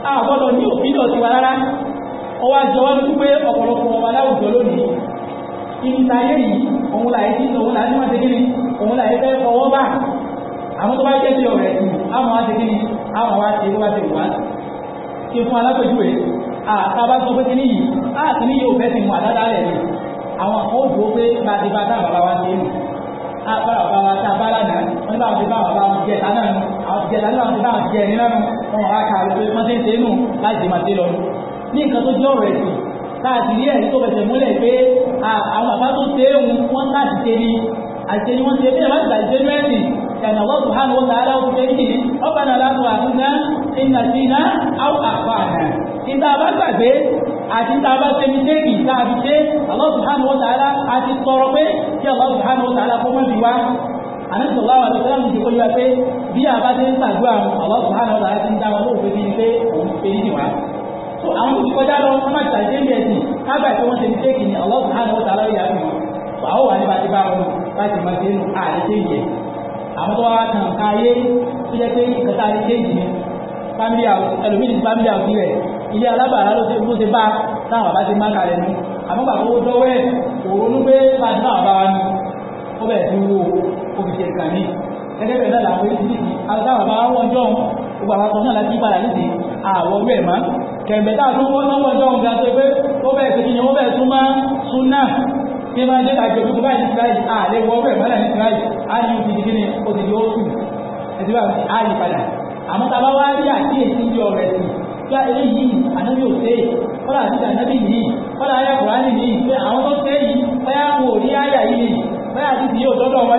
a gbọ́dọ̀ ní òfin náà ti wà rárá ọwọ́ àjọwọ́ ní pé ọ̀pọ̀lọpọ̀ ọba láwùjọ lónìí ìtayé yìí òun là yìí òun là ní wọ́n ti kí ni òun là yìí fẹ́ fọwọ́ bà àwọn tó bá jẹ́ sí ọ̀rẹ́ ẹ̀sìn àwọn wá ti kí ni àwọn wá ti wá ti wá kí fún alápèjúwe àtàbá tó pé kí ni yìí láti ní yóò fẹ́ ti mú àdáda rẹ̀ ni àwọn kan ó dúró pé bá ti bá táwọn bàbá wa ti nù àpárá bàbá wa tá a bá lánàá wọn ní báwọn ti bá bàbá wọn jẹ tánà nù àwọn jẹ tánà wọn ti báwọn jẹ nínú wọn wá kà á lọ pé wọn ti ń ṣe nù láti máa ṣe lọ ní nǹkan tó jẹ́ ọ̀rọ̀ ẹ̀sìn láti rí ẹ̀rí tó bẹ̀sẹ̀ múlẹ̀ pé àwọn bàbá tó ṣe é hun wọ́n láti ṣe ni àṣẹ ni wọ́n ṣe bí ẹ̀rọ ìgbàlejò mẹ́rin ìyànà wọ́n tó hàn wọ́n tààrà ó fẹ́ kí ni ọba náà láti wà fún náà iná sí iná áwọ̀ àpá àná ìta bá gbàgbé àti ìta bá ṣe mistake ìta àfi ṣe Allah subhanahu wa ta'ala àti tọrọ pé kí Allah subhanahu wa ta'ala fọmọ́ bí wá àníṣọ̀lá wa lọ́sẹ̀ láti ṣe kọjú wa pé bí àbá ti ń ṣàdúrà Allah subhanahu wa ta'ala ti ń dá wọn lóòfin ní pé òun ṣe ní wàá so àwọn tó ti kọjá lọ wọn má ṣàìdé ní ẹ̀sìn kágbà tí wọ́n ṣe ń tẹ́kì ní ọlọ́run náà lọ́wọ́ tààrà ìyá mi so àwọn wà nípa ti bá wọn láti máa ṣe nù àlẹ́ tẹ́ ìyẹn àwọn tó wá kàn ká ayé tó jẹ́ pé ìkẹta àlẹ́ tẹ́ ìyẹn family house ẹlòmíì ti family house rẹ̀ ilé alábàárà ló ṣe bá táwọn bàbá ti má kalẹ̀ ní àmọ́ bàbá owó tọ́wọ́ ẹ̀ òun gbé pàdé náà bá wa ní ó bẹ̀rẹ̀ sí wo òfìsì ẹ̀ka ní gẹ́gẹ́ bẹ̀rẹ̀ náà làwọn èyí ti àwọn bàbá wọn jọ kẹ̀mẹ̀dá tó wọ́n tó wọ́n jọun ga tó pé ó bẹ̀rẹ̀ sí kíni ó bẹ̀rẹ̀ tún máa tún náà ní máa dé àjẹ́ òkú báyìí ti báyìí à lè wọ́n ní ti á ní ti di kíni ó ti di ó sùn ẹ̀dí bá á yí padà àmọ́ ta bá wá rí àkíyèsí bí ọ̀rẹ́ sí bí eléyìí ànábì ò sé kọ́lá àti ànábì yìí kọ́lá ayé kùránì yìí pé àwọn tó sé yìí báyà wò ní di yóò tọ́jú ọmọ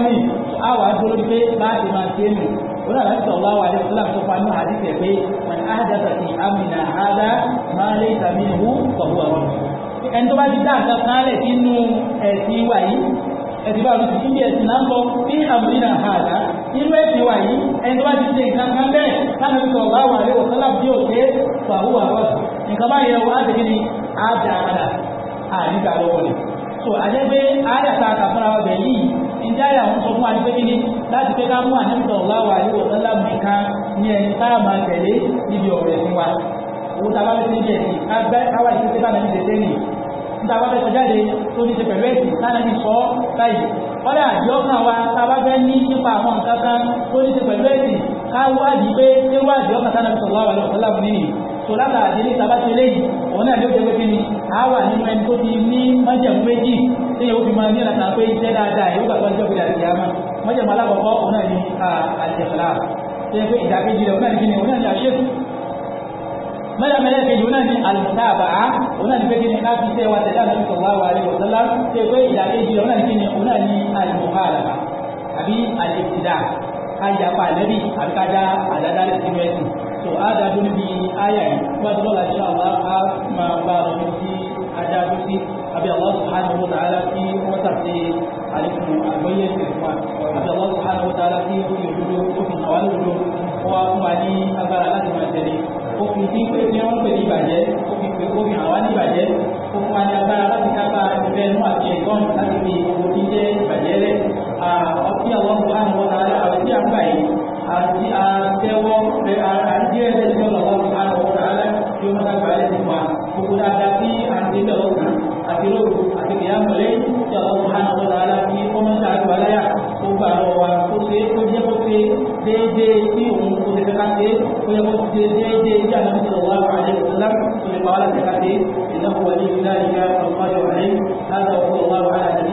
wọn náà láti sọ̀rọ̀ wà lẹ́sìn láti sọ́pá ní àdìsí ẹ̀ pé wọn àdàtà sí amìnà àdá máa lé tàbí ìhú pọ̀lú ọ̀rọ̀ ẹni tó bá ti dá nǹkan kan lẹ̀ sínú ẹ̀sìn wa yìí ẹ̀sìn bá rúti níbi ẹ̀sìn náà lọ sí amìnà àdá nínú ẹ̀sìn wa yìí ẹni tó bá ti ṣe nǹkan kan bẹ́ẹ̀ láti sọ̀rọ̀ wà lẹ́ wọ̀sán láti yóò ṣe pàrọ̀ ọ̀rọ̀ nǹkan báyẹn wọ́n á ti kí ni á dà padà àdìgbà lọ́wọ́ ni so àjẹ́gbé ayàtà àkàfúnra wa bẹ̀ yìí ìdáyà ń sọ fún wa ní pé kíni láti pé ká mú àníbìtọ̀ láwà ní ọ̀sánlá nìkan ní ẹni táà máa tẹ̀lé níbi ọ̀rẹ́ fún wa owó tá a bá fẹ́ ṣe díẹ̀ sí káwá ìṣẹ́ṣẹ́ bá nàbí ṣẹṣẹ́ nì níta bá fẹ́ sọ jáde tó ní ṣe pẹ̀lú ẹ̀sìn tánàbí sọ báyìí kọ́dà àjọ kan wa tá a ní nípa àwọn nǹkan kan tó ní ṣe pẹ̀lú ẹ̀sìn káwá tó látara àdílé tàbá ti lé yìí òun náà ló jẹ́ pé kíni a wà nínú ẹni tó ti ní májẹ̀mú méjì tí yóò fi máa ní ọ̀nà pé iṣẹ́ dáadáa yóò gbàgbọ́ ní ọ̀gbìn àti àmà májẹ̀mú alákọ̀ọ́kọ́ òun náà ní àjẹ̀fọ́lá tó yẹ pé ìdàkejì rẹ̀ òun náà ní kíni òun náà ní àṣẹ́kù mẹ́rin mẹ́lẹ́kejì òun náà ní àlùsáàbà òun náà ní pé kíni láti ṣe wa tẹ̀lé àlọ́ ìṣọ̀wá wa rí ọ̀sọ́lá tó tó á dájú níbi áyà yìí wọ́n ti lọ́la ṣe àwọn á máa bá a lọ sí adájú sí àbí àwọn subhanahu wa ta'ala kí wọ́n tàbí àlékún àgbọ́yé ìfẹ̀fà àbí àwọn subhanahu wa ta'ala kí ó fi òdodo ó fi àwọn òdodo wọ́n á fún wa ní agbára láti máa tẹ̀lé ó fi tí pé ní wọ́n pè ní ìbàjẹ́ ó fi pé ó fi àwọn níbàjẹ́ ó fún wa ní agbára láti dábàá ìfẹ́ inú àti ẹ̀gbọ́n láti fi owó jíjẹ́ ìbàjẹ́ rẹ̀ ọtí àwọn subhanahu wa ta'ala àwọn tí a ń gbà yìí àti àtẹwọ́ àti ẹ̀rẹ́ tí wọ́n lọ́wọ́ ní àlọ́wọ́ alẹ́ tí ó máa gbàlẹ́ ti wà gbogbo dáadáa tí àti ilẹ̀ ọ̀gbìn àti lóògùn àti kìyàmọ̀lẹ́ tí àwọn àlọ́wọ́ alẹ́ tí ó máa ṣàlù aláyà ó gbà lọ wa kó ṣe ó jẹ́ kó ṣe déédéé tí òun kò ṣe ká ṣe ó yẹ kó ṣe déédéé tí àwọn ìṣòwò àwọn àlẹ́ ìṣòwò ìṣòwò ìṣòwò ìṣòwò ìṣòwò ìṣòwò ìṣòwò ìṣòwò